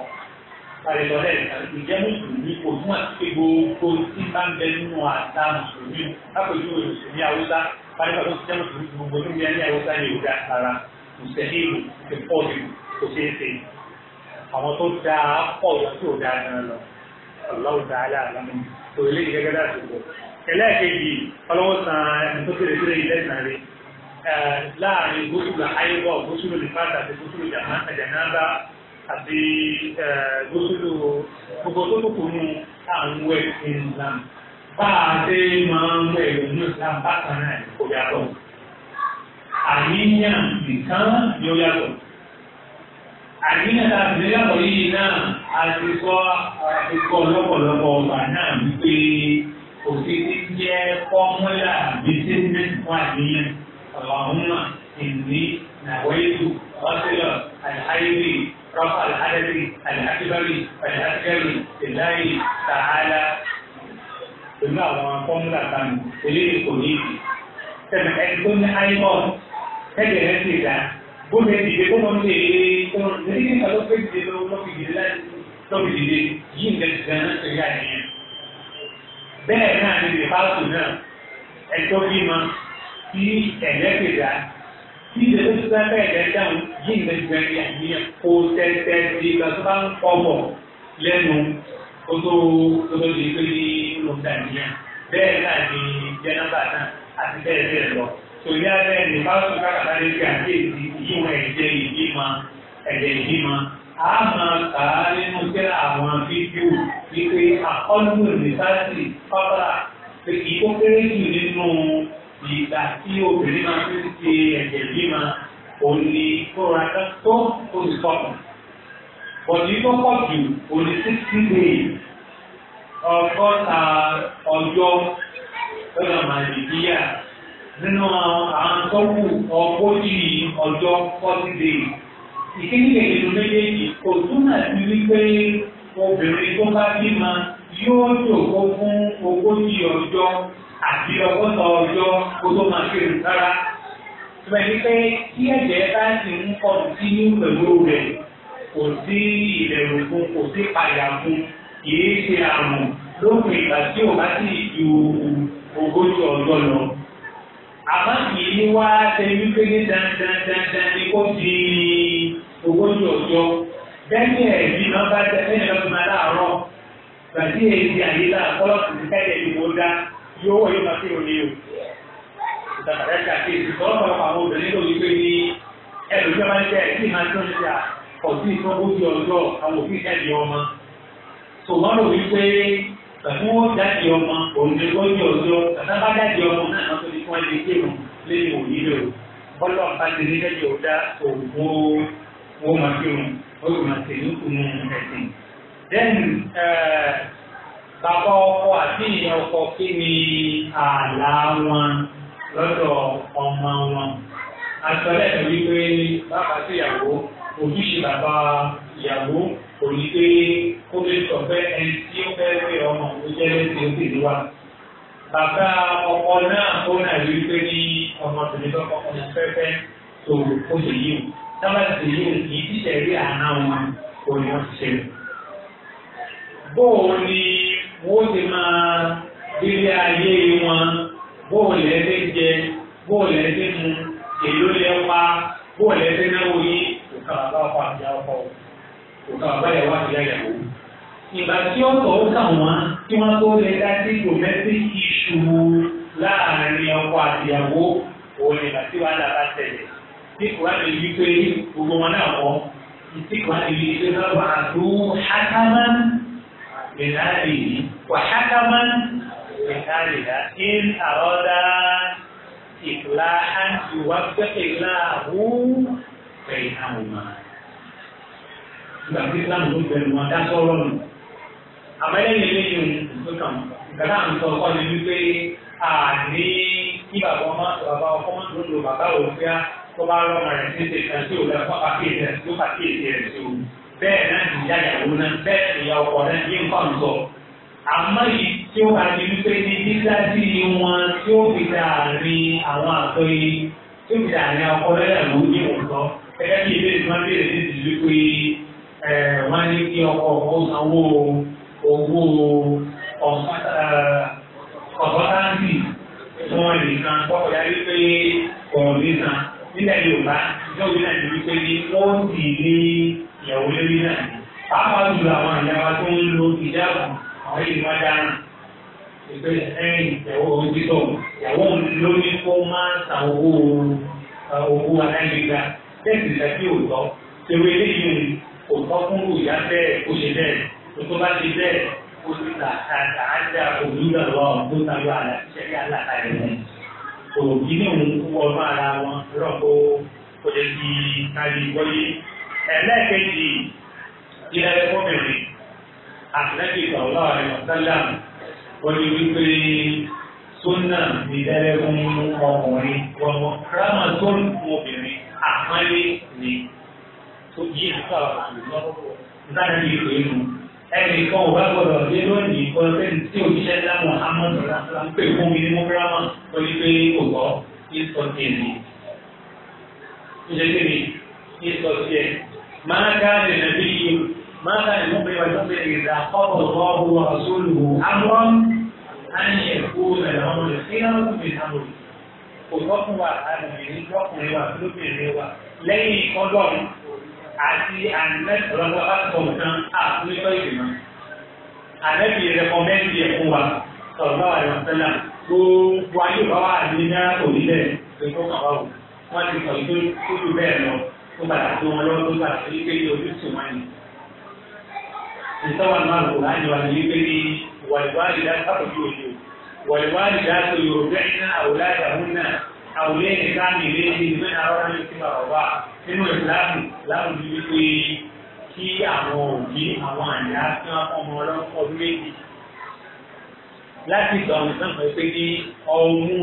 àlejòlẹ̀ ìjẹ́ mùsùlùmí kò tún àti gbogbo tí bá ń bẹ nínú àṣà mùsùlùmí lápèjú mùsùlùmí haúsá pálípàdé ti jẹ́ mùsùlùmí gbogbo níbi ẹni haúsá ní ìwé àtàrà mùsùlùmí ìpọ́ọ̀dù kò ṣeé ṣe àwọn tó dáa pọ̀ tí ò dáa náà lọ ọlọ́run dáadáa àlámù tó ilé ìgẹ́gẹ́ láti wọ̀ ẹlẹ́ẹ̀kejì ọlọ́wọ́ san ìtòkèrè sílẹ̀ ilẹ̀ ìsàlẹ̀ láàrin gbósùlù àyẹ̀wò gbósùlù nìfàtà àti gbósùlù jàmáàbá àti gbósùlù gbogbo tó tó kùnú àwọn ẹ̀sìn Islam bá a ṣe máa ń wẹ̀ lónú Islam bákan náà kò yàtọ̀ àníyàn nìkan ni ó yàtọ̀ àdínà tá a fi lẹ́kọ̀ọ́ yìí náà a ti kọ́ a ti kọ́ lọ́pọ̀lọpọ̀ ọgbà náà wípé òfin ti jẹ́ fọ́múlà bísíǹnẹ́sì fún àdínà ọ̀làhúnmá ìní nàwẹ́lú ọ̀sẹ̀lọ̀ àlàyé rọ́pà àlàyé àlàkíbárì àlàkíbárì ìláyé tààlà pẹ̀lú àwọn fọ́múlà kan eléyìí kò ní ìdí. sẹ́mi ẹni tó ní áyíkọ́ tẹ́gẹ̀ẹ́ ti dà bó ṣe dìde bó máa ń lè tó ní nígbà tó fẹ́ dìde lọ lọ́fi dìde láti lọ́fi dìde yí ń bẹ̀rẹ̀ gan náà ṣẹ̀yà nìyẹn. bẹ́ẹ̀ náà ni lè bá tù náà ẹ̀tọ́ bímọ tí ẹ̀lẹ́kẹ̀dá tí ìdẹ́gbẹ́ tó sábẹ́ ẹ̀dẹ́ dáhùn yí ń bẹ̀rẹ̀ gan náà nìyẹn kó tẹ́tẹ́ di ìgbà tó bá ń kọ́bọ̀ lẹ́nu kó tó di pé ní lọ́ọ̀dà tòlí alẹ́ ní pásítọ̀ kákàtà lè fi àkéèsí yíwọ ẹ̀jẹ̀ ìbímọ ẹ̀jẹ̀ ìbímọ a máa kà á nínú tẹ́ àwọn fídíò wípé àkọ́lù rìsáàtì pápá ìkókéré jù nínú ìgbà tí obìnrin máa fi ń ṣe ẹ̀jẹ̀ ìbímọ òní kóra tó olùkọ́kù bọ̀dí tó pọ̀ jù òní sixty days ọgọ́ta ọjọ́ lọ́nà màlìbíyà nínú àwọn tọ́wù ọgójì ọjọ́ forty days. ìkíníkè nínú méjèèjì kò túmọ̀ sí wípé obìnrin tó bá bímọ yóò jòkó fún ogójì ọjọ́ àti ọgọ́ta ọjọ́ kó tó máa ṣe rárá. Tùmẹ̀lí pé tí ẹ̀jẹ̀ bá ti ń kọ̀ sí ní pẹ̀lú rẹ̀ kò sí ìbẹ̀rù fún kò sí pàyà fún kìí ṣe àrùn lópin ìgbà tí ò bá sì ju ogójì ọjọ́ lọ àmọ́ yìí wá tẹ̀lé pé dandandandan ni kò di owó ní ọjọ́ bẹ́ẹ̀ni ẹ̀bí náà bá tẹ ẹ̀yìn lọ́dún máa láàárọ̀ gbàdí èyí àyè náà kọ́lọ́sì ní káyọ̀ ní mo dá yóò wọ̀ yóò máa fi òní o. ìtàkàdá ṣàkíyèsí kọ́lọ́pàá àwọn obìnrin ló wí pé ní ẹlòmíọ́ máa ń tẹ ẹ̀sìn máa tó ń jà ọ̀sìn ìfọ́n ogójì ọjọ́ àwọn òbí ẹ̀dì ọmọ. tòmọ́nù wí tàbí wọ́n jáde ọmọ òǹdè lórí ọjọ́ tàbá jáde ọmọ náà lọ́sọ̀ ní fún ẹni kéwù lẹ́yìn òní lò bọ́lá ọba ti ní lẹ́yìn ọ̀dá òwò owó màkìrù òwò màkìrù kùnú ẹ̀sìn. then bàbá ọkọ àti ìyá ọkọ kí ni ààlà wọn lọ́dọ̀ ọmọ wọn. àtọ́lẹ̀ mi wípé bàbá sí ìyàwó ojúṣe bàbá ìyàwó kò ní pé ó lè sọ pé ẹni tí ó fẹ́ pé ọmọ tó jẹ́ létí ó sì wá. Bàbá ọkọ náà tó náà rí pé ní ọmọbìnrin tó kọ́kọ́ ní pẹ́pẹ́ tó ó sì yíwò. Tábà sì yíwò kì í tíṣẹ̀ rí àná wọn kò ní wọ́n ti ṣe. Bóò ni wọ́n ti máa délé ayé wọn, bóò lẹ́sẹ̀ jẹ, bóò lẹ́sẹ̀ mu, èló lẹ́pa, bóò lẹ́sẹ̀ náwó yín, kò kà bàbá ọkọ àti wọn òkà àbáyọ̀ wà ní àyàwó. ìgbà tí ó tọ̀ ó kà wọ́n kí wọ́n tó lè dá sí domestic issue láàrin ọkọ àtìyàwó òun ìgbà tí wàá dàbà tẹ̀lẹ̀. tí kò wá lè yí pé gbogbo wọn náà wọ́n tí kò wá lè yí pé lọ́wọ́ àdó hákámán ìlànà yìí wà hákámán ìlànà yìí ń àrọ́dá ìlànà ìwà pẹ́ẹ́lá àwọ̀ pẹ̀lú àwọn ọmọ rẹ̀ nígbà tí islam ló bẹ̀rù wọn dá sọ́rọ́ nù. àmọ́lẹ́yìn eléyìí ń tó kàn nǹkan náà ń sọ ọkọ ni wípé a ní kí bàbá ọmọ bàbá ọkọ máa ń lò bàbá òun fíà tó bá rọmọ rẹ̀ títí kan tí ò lẹ́kọ́ pàkíyèsí rẹ̀ tó pàkíyèsí rẹ̀ tó bẹ́ẹ̀ náà ti já ìyàwó náà bẹ́ẹ̀ ìyá ọkọ náà yé nǹkan sọ. àmọ́ yìí tí ó bá di wípé ní nígbàtí wọn tí ó fi dàárín àwọn àtọ́yé tí ó fi dàárín ọkọ lẹ́yìn àwọn oníwòsàn gẹ́gẹ́ bí ìbéèrè tí wọ́n béèrè ní ìdílé pé wọ́n ní kí ọkọ ọkọ sanwó owó ọ̀sọ́táǹtì fún ọ̀rẹ́ nìkan kọ́kọ́ yá wípé ọ̀rọ̀ nìkan nílẹ̀ Yorùbá ìjọba náà ní wípé ní wọ́n sì ní ìyàwó lórí náà ní. pàápàá jùlọ àwọn ìjọba tó ń lo ìjáàbù àwọn ìlú adáná ìgbé ẹ̀yìn ìyàwó òjìtọ̀ ìyàwó lórí kó máa ta owó owó aláìlera bẹ́ẹ̀ sì lẹ́sí òtọ́ fún ìyá bẹ́ẹ̀ ó ṣe bẹ́ẹ̀ tuntun bá ṣe bẹ́ẹ̀ ó ti ta àtàtà ájá òwúrọ̀ lọ tó tayọ àlà iṣẹ́ ní alákàlẹ̀ rẹ̀ òbí ní òun kú ọdún ara wọn rọ́pò kò lè fi kárí wọlé ẹlẹ́ẹ̀kejì ilẹ̀ ẹ̀kọ́mẹ̀rin àtìlẹ́kì ìgbàlá rẹ̀ ọ̀sálà wọlé wípé sọ́nà ìdẹ́rẹ́ fún ọkùnrin wọ́n kírámà tó obìnrin àpọ́nlé ni tó yí ìdíkà ìdájọ́ ìlú inú ẹnì kan ò bá gbọdọ̀ dé lónìí kan sẹ́ni tí òṣìṣẹ́ ńlá Muhammadu rásá ń pè fún mi ní mọ́gírámà ó ní pé kò gbọ́ ìsọ̀tìẹ̀nì ìṣẹ́kìrì ìsọ̀tìẹ̀ máa ká lè nàbí yìí máa ká lè mú pé wàjú pé ìdá ọ̀pọ̀ ọ̀hún ọ̀hún ìdáhùn kò tọ́kùn wa àgbègbè ní tọ́kùnrin wa lóbìnrin wa lẹ́yìn àti ànẹ́tọ̀lọ́wọ́ akọ̀ kan àfúnilọ́ ìgbìmọ̀. Ànẹ́bí rẹ̀kọ̀mẹ́ndì ẹ̀ fún wa sọ̀rọ̀ àwọn àdìmọ̀sẹ́là gbogbo ayé bá wà ní ní orílẹ̀ èdè kọ̀wá o. Wọ́n ti sọ pé kúrú bẹ́ẹ̀ lọ tó padà tó wọn lọ́wọ́ tó padà sí pé ojú sì wọ́n ni. Ìtọ́wọ́n máa lò láti wà ní pé ní wàlúwàlú dá sábòjú òjò. Wàlúwàlú dá sọ Yorùbá àwùlé nìkan ní ilé ní ìlú náà wọ́n ní ti bàbá wa nínú ìsìláàmù láwùjọ wípé kí àwọn òbí àwọn àyà tí wọ́n kọ́ ọmọ ọlọ́kọ̀ ọdún méjì láti gbà wọn sàn pé pé ní ọmú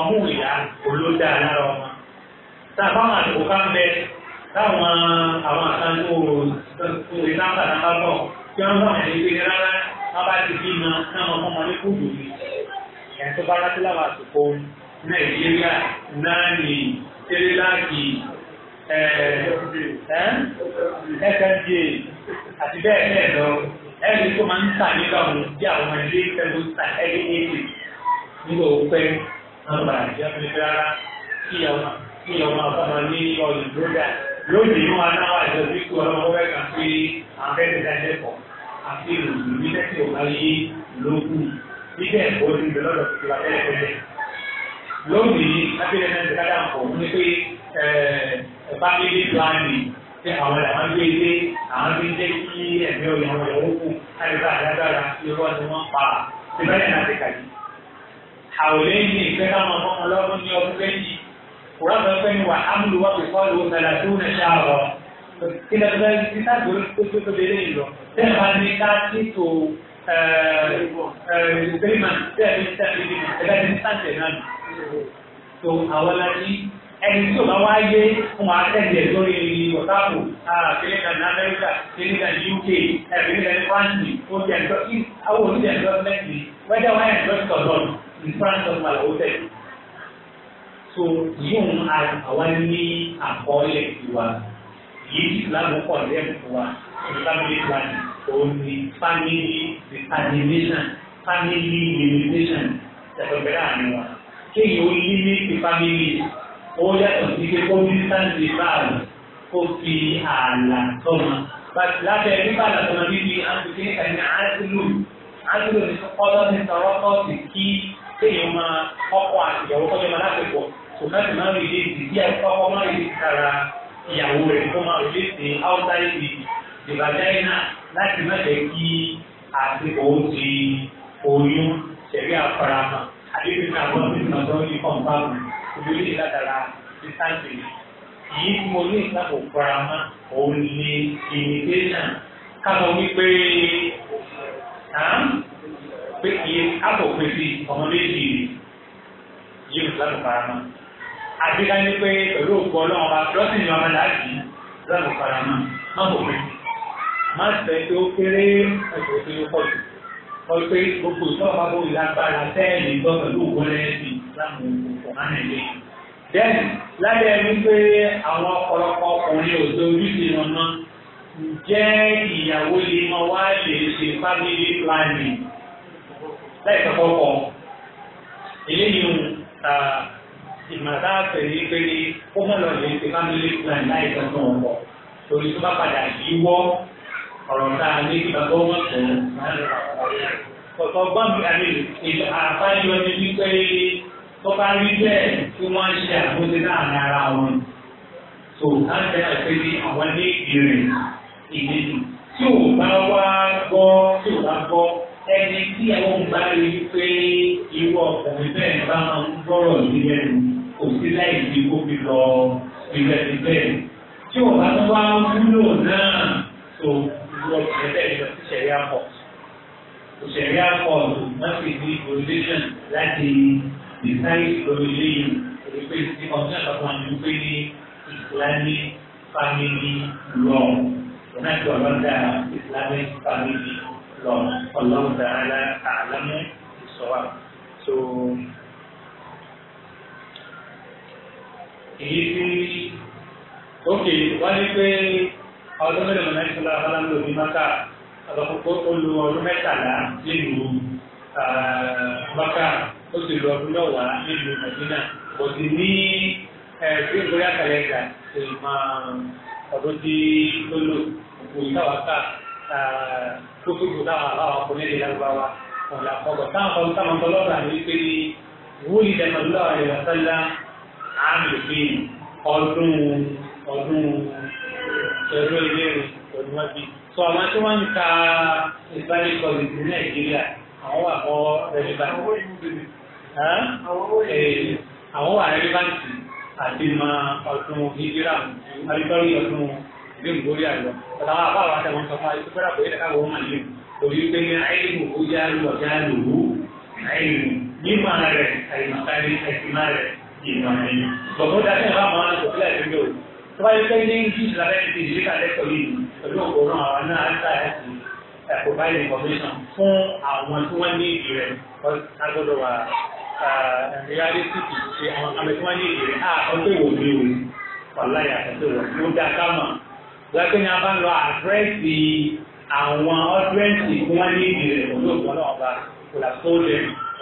ọmú ìyá olóda lára ọmọ sábà máa tó ká bẹ táwọn àwọn àtàndó òrè náà náà bọ̀ kí wọ́n bá wọn ní pé rárá wọ́n bá ti bí ma náà wọ́n mọ́ ní kúndùn ní ẹ̀ tó bá rántí láwọn àsìkò nàìjíríà nání tẹlẹláàkì fnj àti bẹ́ẹ̀ bẹ́ẹ̀ lọ ẹni tó máa ń tà nígbà wọn bí àwọn ilé ìtẹ́gùn tà ẹni èdè nígbà òpẹ́ wọn bá àjẹ́ pẹ̀lú rárá kí ọmọ kí ọmọ àbámọ ní ọ̀dùn lódà lónìí wọn náà wà jọ bí kú ọlọ́mọ wẹ́ kà pé àbẹ́rẹ́ dájẹ́ pọ̀ àti ìròyìn ní tẹ́tí ọ̀gá yé lókù níbẹ̀ ó ti bẹ̀rẹ̀ tó ti wà lónìí lábẹ́rẹ́ náà ti kájà pọ̀ ní pé family planning ṣe àwọn àwọn ilé ilé àwọn ilé ilé kí ẹ̀mí òye àwọn ìyàwó kù káyọ̀ bá àdágbára irọ́ ni wọ́n pa ṣe bẹ́ẹ̀ náà ti kàyí. àwòrán yìí ní ìfẹ́ káwọn ọmọ ọlọ́run ní ọdún méjì kùrán lọ fẹ́ ni wà á múlu wọ́n fi kọ́ ló gbẹ̀rẹ̀ tó ń ṣe àwọ̀ kí lè fẹ́ títà gbòòrò tó tó tó délé ìlọ tẹ́lẹ̀ máa ní ká títò ẹ̀ẹ́dẹ̀gbẹ̀rẹ̀ máa tẹ́lẹ̀ ní tẹ́lẹ̀ ní tẹ́lẹ̀ ní tẹ́lẹ̀ tó àwọn láti ẹni tí o bá wá yé fún wa tẹ̀lé lórí wọ́tápù àfẹ́lẹ́kà ní amẹ́ríkà fẹ́lẹ́kà ní uk ẹ̀fẹ́lẹ́kà ní fáńtì ó ti ẹ̀dọ́ àwọn oníṣẹ́ ẹ̀dọ́mẹ́ntì wẹ́dẹ́ wọ́n ẹ̀dọ́ ti tọ̀dọ̀ ní france of malawotel so yóò ń àwa ní àkọọ́lẹ̀ tiwa yìí ìsìlámù pọ̀ lẹ́nu tiwa family planning òun ni family determination family limitation ẹ̀fẹ̀ bẹ̀rẹ̀ àníwá kéèyàn ó lé ní ti fámìlì ó yàtọ̀ sí pé kó ní sáǹdì báàlù kó fi ààlà tọ́mọ. lábẹ́ nípa ààlà tọ́mọ níbi àtúntì nípa ní àádúró àádúró ní ọlọ́ ní sọ̀rọ̀tọ̀sì kí kéèyàn máa ọkọ àti ìyàwó kọ́jọ́ máa lápẹ̀pọ̀ kò láti máa rí ilé ìdí díẹ̀ kọ́kọ́ máa rí ìtara ìyàwó rẹ̀ kó máa rí ilé ìdí outside the the vagina láti má jẹ́ kí àti òun ti oyún ṣẹ̀rí àfarahàn àdéhùn náà lọ sí ìmọ̀tọ́ ní kọ̀ǹpáàmù ojúlé látara sísáǹtì yìí mo ní ìsàkó kọ́ramá òun ni ìmìtẹ́sàn kámọ wípé pé iye kápò pèsè ọmọ méjì yìí ìsàkó kọ́ramá àdéhùn ní pé pẹ̀lú òkú ọlọ́run wa lọ́sìn ní ọmọ láti ìsàkó kọ́ramá má bò pé má sẹ́ tó kéré ẹ̀sọ́ tó yẹ pọ̀ jù wọ́n pé gbogbo ìtọ́wọ́ bá bóyá lágbára tẹ́ẹ̀lì gbọ́dọ̀ ló wọlé ẹ̀sìn láwọn ọ̀hánà ilé. Then lábẹ́ ẹni pé àwọn ọ̀pọ̀lọpọ̀ ọkùnrin ò tó ojúṣe wọn mọ́ jẹ́ ìyàwó lè mọ wá lè ṣe family planning láì sọ́kọ́kọ́. Eléyìí ìmọ̀ta pẹ̀lú pé ó mọ̀ lọ lè ṣe family planning láì sọ́kọ́ ọ̀pọ̀ torí tó bá padà yíwọ́ ọ̀rọ̀ tá a ní gbàgbọ́ wọn tó kọ̀tọ̀ gbọ́n mi àmì àbáyọ ni wípé tó bá rí bẹ́ẹ̀ tí wọ́n ń ṣe àbójútó náà ní ara wọn tó láti ẹ̀fẹ́ ní àwọn ní ìrìn ìdíjú tí ò bá wá gbọ́ tí ò bá gbọ́ ẹni tí àwọn ń bá rí pé ìwọ ọkùnrin bẹ́ẹ̀ bá máa ń gbọ́rọ̀ nílẹ̀ kò sí láì di kó fi lọ ìrẹsì bẹ́ẹ̀ tí ò bá tún wá wúlò náà tó ìlú ọ̀sẹ̀ bẹ́ẹ̀ lọ sí sẹ̀ríà pọ̀ sẹ̀ríà pọ̀ lò wọ́n sì ní provision láti decide lórí lẹ́yìn ìpè tí ọ̀sẹ̀ àkọ́kọ́ ni wípé ní Islamic family law ọ̀nà tí Islamic family law ọlọ́run dáhàlá àlámú ìsọ̀wá. èyí tí ókè wọ́n ní pé ọdún mẹ́rin mọ̀ náà sọ́lá ọlá ń lò ní maka olú ọdún mẹ́tàlá nílùú maka ó sì lọ ọdún mẹ́wàá nílùú nàìjíríà kò sì ní gregorian calendar ṣe máa ọdún tí ó lò òkú ìtawà ká tó tó tó táwọn àwọn ọkùnrin lè lágbára wọn là kọ́kọ́ táwọn kan táwọn kan lọ́gbà ní pé wúlì dẹ́mọ̀lá ọ̀rẹ́ wọ́n sẹ́lá àmì òfin pẹ̀lú ilé rẹ̀ pẹ̀lú wọn bí. sọ àwọn tí wọ́n ń ka ìbálẹ̀ kọ̀ọ̀lù ní nàìjíríà àwọn wà kọ́ rẹ̀lẹ́bàtì. Eh, àwọn wà rẹ̀lẹ́bàtì àti ma ọdún hijira àbíkọ́rí ọdún ìlú ìgbórí àlọ́. ọ̀tàwọn àbáwọ̀ àtẹ̀wọ̀n sọ fún àyíkú fẹ́ràn pẹ̀lú ẹ̀ka wọ́n máa lè torí pé ní àìlèmù ó yá lù ọ̀já lù wú àìlèmù mímọ̀ rẹ̀ àìmọ̀kárí ẹ̀sìn tọ́ba yìí fẹ́ẹ́ ní english la fẹ́ẹ́ fi ìdílé kalẹ̀ pẹ̀lú ìlú pẹ̀lú òkòrò àwọn náà ṣáà ẹ̀ sí ẹ̀ provide information fún àwọn tí wọ́n ní ìdí rẹ̀ agbọ́dọ̀ wà eh, reality ti àwọn àmì tí wọ́n ní ìdí rẹ̀ à ọjọ́ ìwò ni o wàlá yàtọ̀ wọ̀ ló dá kámọ̀ lọ́kẹ́ ni a bá ń lọ àdírẹ́sì àwọn ọ́dírẹ́sì tí wọ́n ní ìdí rẹ̀ ọjọ́ ìwò náà bá kò là tó lẹ̀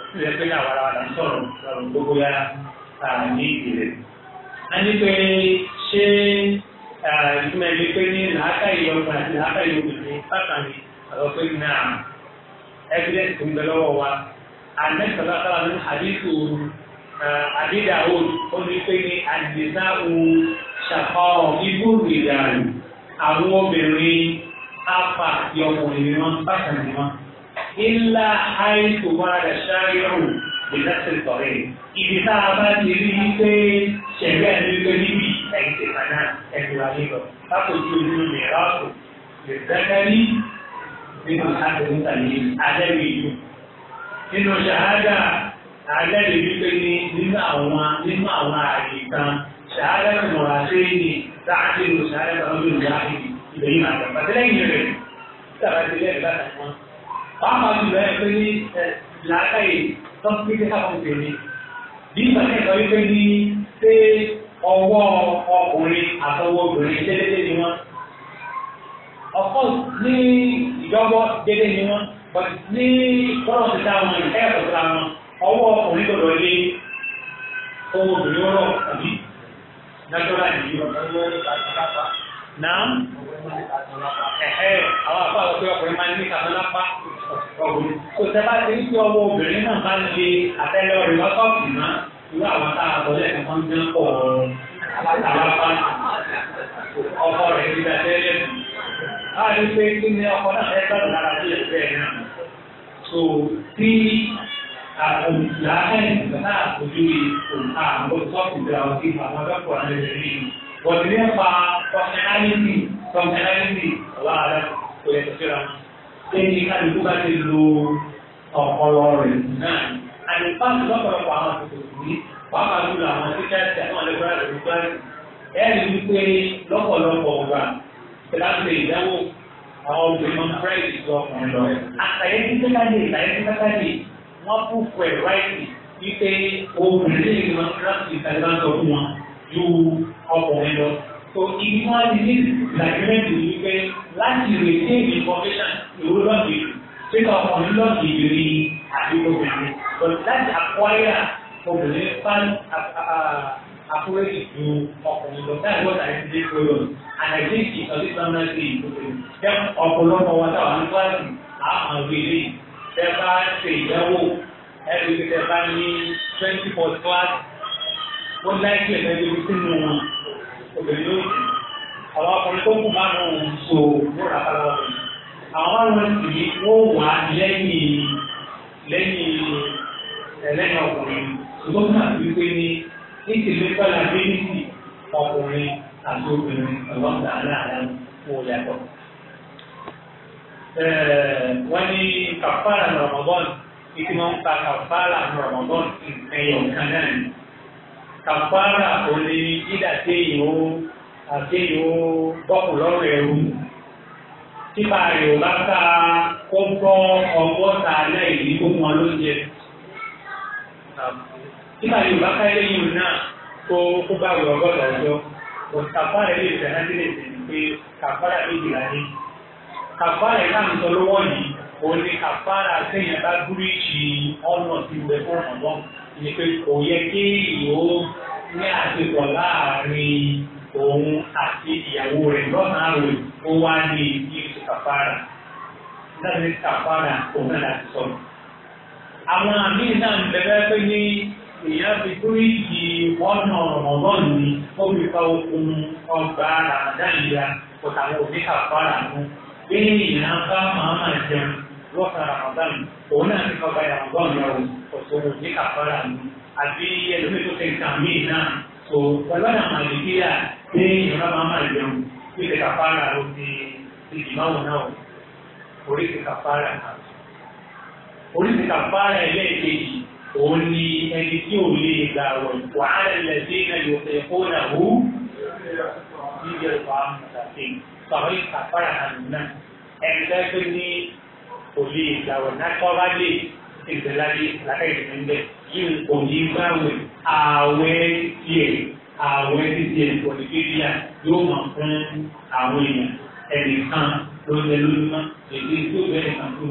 sílẹ̀ pé àwàràwàrà sọ̀rọ̀ sọ̀rọ̀ gbogbo yára ah, ní ìdí rẹ̀ ṣé ìtumọ̀ ẹni pé ní làákà ìyọ̀gbà àti làákà ìyọ̀gbìnrin pàtàkì ọ̀rọ̀ pé náà evidence tó ń bẹ lọ́wọ́ wa anẹ́sọ̀lá sábà ní àdínkù àdídàwò ó ní pé ní àdìsá òun ṣàkọ́ ibùdó ìdàrú àwọn obìnrin afa ti ọkùnrin ni wọn bákan ni wọn. ilá àìsàn wa rẹ̀ ṣááyọ̀ ìdásílẹ̀ sọ̀rọ̀ yìí. ìdí tá a bá ti rí i pé ṣẹ̀gbẹ́ ẹ̀ ní pé níbi ẹ̀yìn tí kan náà ẹ̀dùn ayé lọ. Lápòjú ojú lè ráàpù lè zẹ́kẹ́rí nínú àtẹ̀wúta ní alẹ́rì ìlú. Nínú ṣàhádà alẹ́rì wípé ní nínú àwọn nínú àwọn ààyè kan ṣàhádà ní mọ̀ra ṣé ní láti nù ṣàhádà kan ló ń yá ìbẹ̀yìn àgbà. Pàtẹ́lẹ́yìn rẹ̀ sábà ti lẹ́rìí bàtà wọn. Pàápàá jùlọ ẹ pé ní làákàyè tó ń pín ọwọ́ ọkùnrin àtọwọ́ obìnrin déédéé ni wọ́n. ọ̀pọ̀ ní ìjọ́bọ̀ ni ní kọ́nà ti wọn ìfẹ́ kò wọn ọwọ́ ọkùnrin obìnrin wọn náà natural ni yóò. náà ẹ̀hẹ́ àwọn àwọn ọkùnrin máa ń ní lápá kò bá ti ń fi ọwọ́ irú àwọn tá a sọ lẹ́nu kan jẹ́ pọ̀ àbáfá ọkọ rẹ̀ nígbà tẹ́lẹ̀ nù. Báà ní pé kí ni ọkọ náà fẹ́ gbàdúrà lára sí ẹ̀fẹ́ náà. So tí àkùnjà ẹ̀ǹtì náà kojú òǹkà àwọn sọ́ọ̀tì ìgbà òsì àwọn akẹ́kọ̀ọ́ náà lè rí. Bọ̀dé nípa functionality functionality ọ̀la rẹ̀ kò yẹ kíkira. Ẹni kálukú bá ti lo ọpọlọ rẹ̀ náà. Àyè fáwọn lọ́pọ̀lọpọ̀ àwọn àtúntò ìwé wàá máa lù àwọn tíkẹ́ẹ̀tì àwọn ẹlẹ́gbẹ́rẹ́ rẹ̀ nípa ẹ̀rí wípé lọ́pọ̀lọpọ̀ ọ̀gbà tẹ̀láṣẹ̀ ìdánwò àwọn obìnrin máa ń fẹ́ ìdíjọ ọkùnrin lọ. àtàyè tíkẹ́kálì ìtàyè tíkẹ́kálì wọ́n kú fún ẹ̀ ráìtì wípé obìnrin lè máa ń ráìtì ìtàyè máa ń sọ fún wọn ju ọkùnrin lọ. so ibi wọn ti ní ìdàgbẹ́mẹ̀tì wípé láti retain information ìwúrọ̀ lọ́ọ̀dì ṣé ká ọkùnrin lọ́ọ̀dì ìbìrin àbí obìnrin but láti acquire obìnrin pan àfúrẹ́sì ju ọkùnrin lọ táyà wọ́n tàbí ti dé kúrò lọ àtẹ̀jẹ́jì ọdún sọ́nà sí ìdókòwò jẹ́ ọ̀pọ̀lọpọ̀ wọn táwọn ní kíláàsì àwọn ìwé tẹ bá ṣe ìyàwó ẹ̀rí tẹ bá ní twenty four class wọ́n láìpẹ́ ẹ̀ẹ́dẹ́gbẹ́ sínú obìnrin ló ti àwọn ọkùnrin tó kù máa ń so lóra kálọ̀ àwọn ọmọdé yìí wọ́n wà lẹ́yìn lẹ́yìn ẹlẹ́yìn ọkùnrin ṣùgbọ́n náà wípé ní níṣẹ́ pẹ́lá bíríìsì ọkùnrin àti obìnrin ọlọ́dà aláàlá kó yàtọ̀. wọ́n ní kàfàrà Ramadan títí wọ́n ń pa kàfàrà Ramadan ẹ̀yọ̀ kan náà ni. kàfàrà kò ní dídà téèyàn ó àtéèyàn ó bọ́kù lọ́rùn ẹ̀rú. Típa rẹ̀ ò bá ká kó bọ́ ọgọ́ta aláìní kó wọn lóúnjẹ nígbà yorùbá ká eléyìí náà kó kó bá wù ọgọ́dọ̀ ọjọ́ òtàfàrà ilé ìdáná sílẹ̀ sí ni pé kàfàrà méjìlá ní kàfàrà ìlànà ìtọ́lọ́wọ́ yìí òun ni kàfàrà sẹ́yìn bá búríkì ọ̀nà ti wẹ̀ fún ọ̀nà ni pé kò yẹ kí ìyó ní àtìkọ̀ láàárín òun àti ìyàwó rẹ̀ lọ́nà àròyìn ó wá ní ìdí kàfàrà láti ní kàfàrà òun náà láti sọ̀rọ̀ àwọn àmì náà ń bẹ̀rẹ̀ pé ní èèyàn fi kórìkì ọ̀nà ọ̀mọ̀gbọ́n ni ó fi fa okun ọgbà àdáyìíra kọ̀tà àwọn oníkà fara mú bẹ́ẹ̀ ìyá bá màmá jẹun lọ́sàn ramadan òun náà fi kọ́ba ramadan lọ ọ̀tọ̀ oníkà fara mú àbí ẹlòmíì tó fi nǹkan míì náà tó pẹ̀lú àwọn àlèkíyà bẹ́ẹ̀ ìyá màmá jẹun bí ti kà ló ti ti náà orí ti kà fara orí ti kà ẹlẹ́ẹ̀kejì òun ni ẹni tí ò lè gbà wọ̀ ìwà àrẹ̀lẹ̀ sí ẹ̀yọ̀ ẹ̀kọ́nà hù jíjẹ ìwà àmọ̀tàkìn sọ̀rọ̀ ìkàfàrà àmì náà ẹni tó ẹgbẹ́ ní kò lè gbà wọ̀ náà kọ́ bá lè ìgbẹ́láyé látàkì níbẹ̀ yìí kò ní bá wẹ̀ àwẹ̀ tiẹ̀ àwẹ̀ títí ẹ̀kọ́ ní kéríà yóò mọ̀ fún àwọn èèyàn ẹnìkan ló ń lé lójúmọ́ èdè tó bẹ̀rẹ̀ kan fún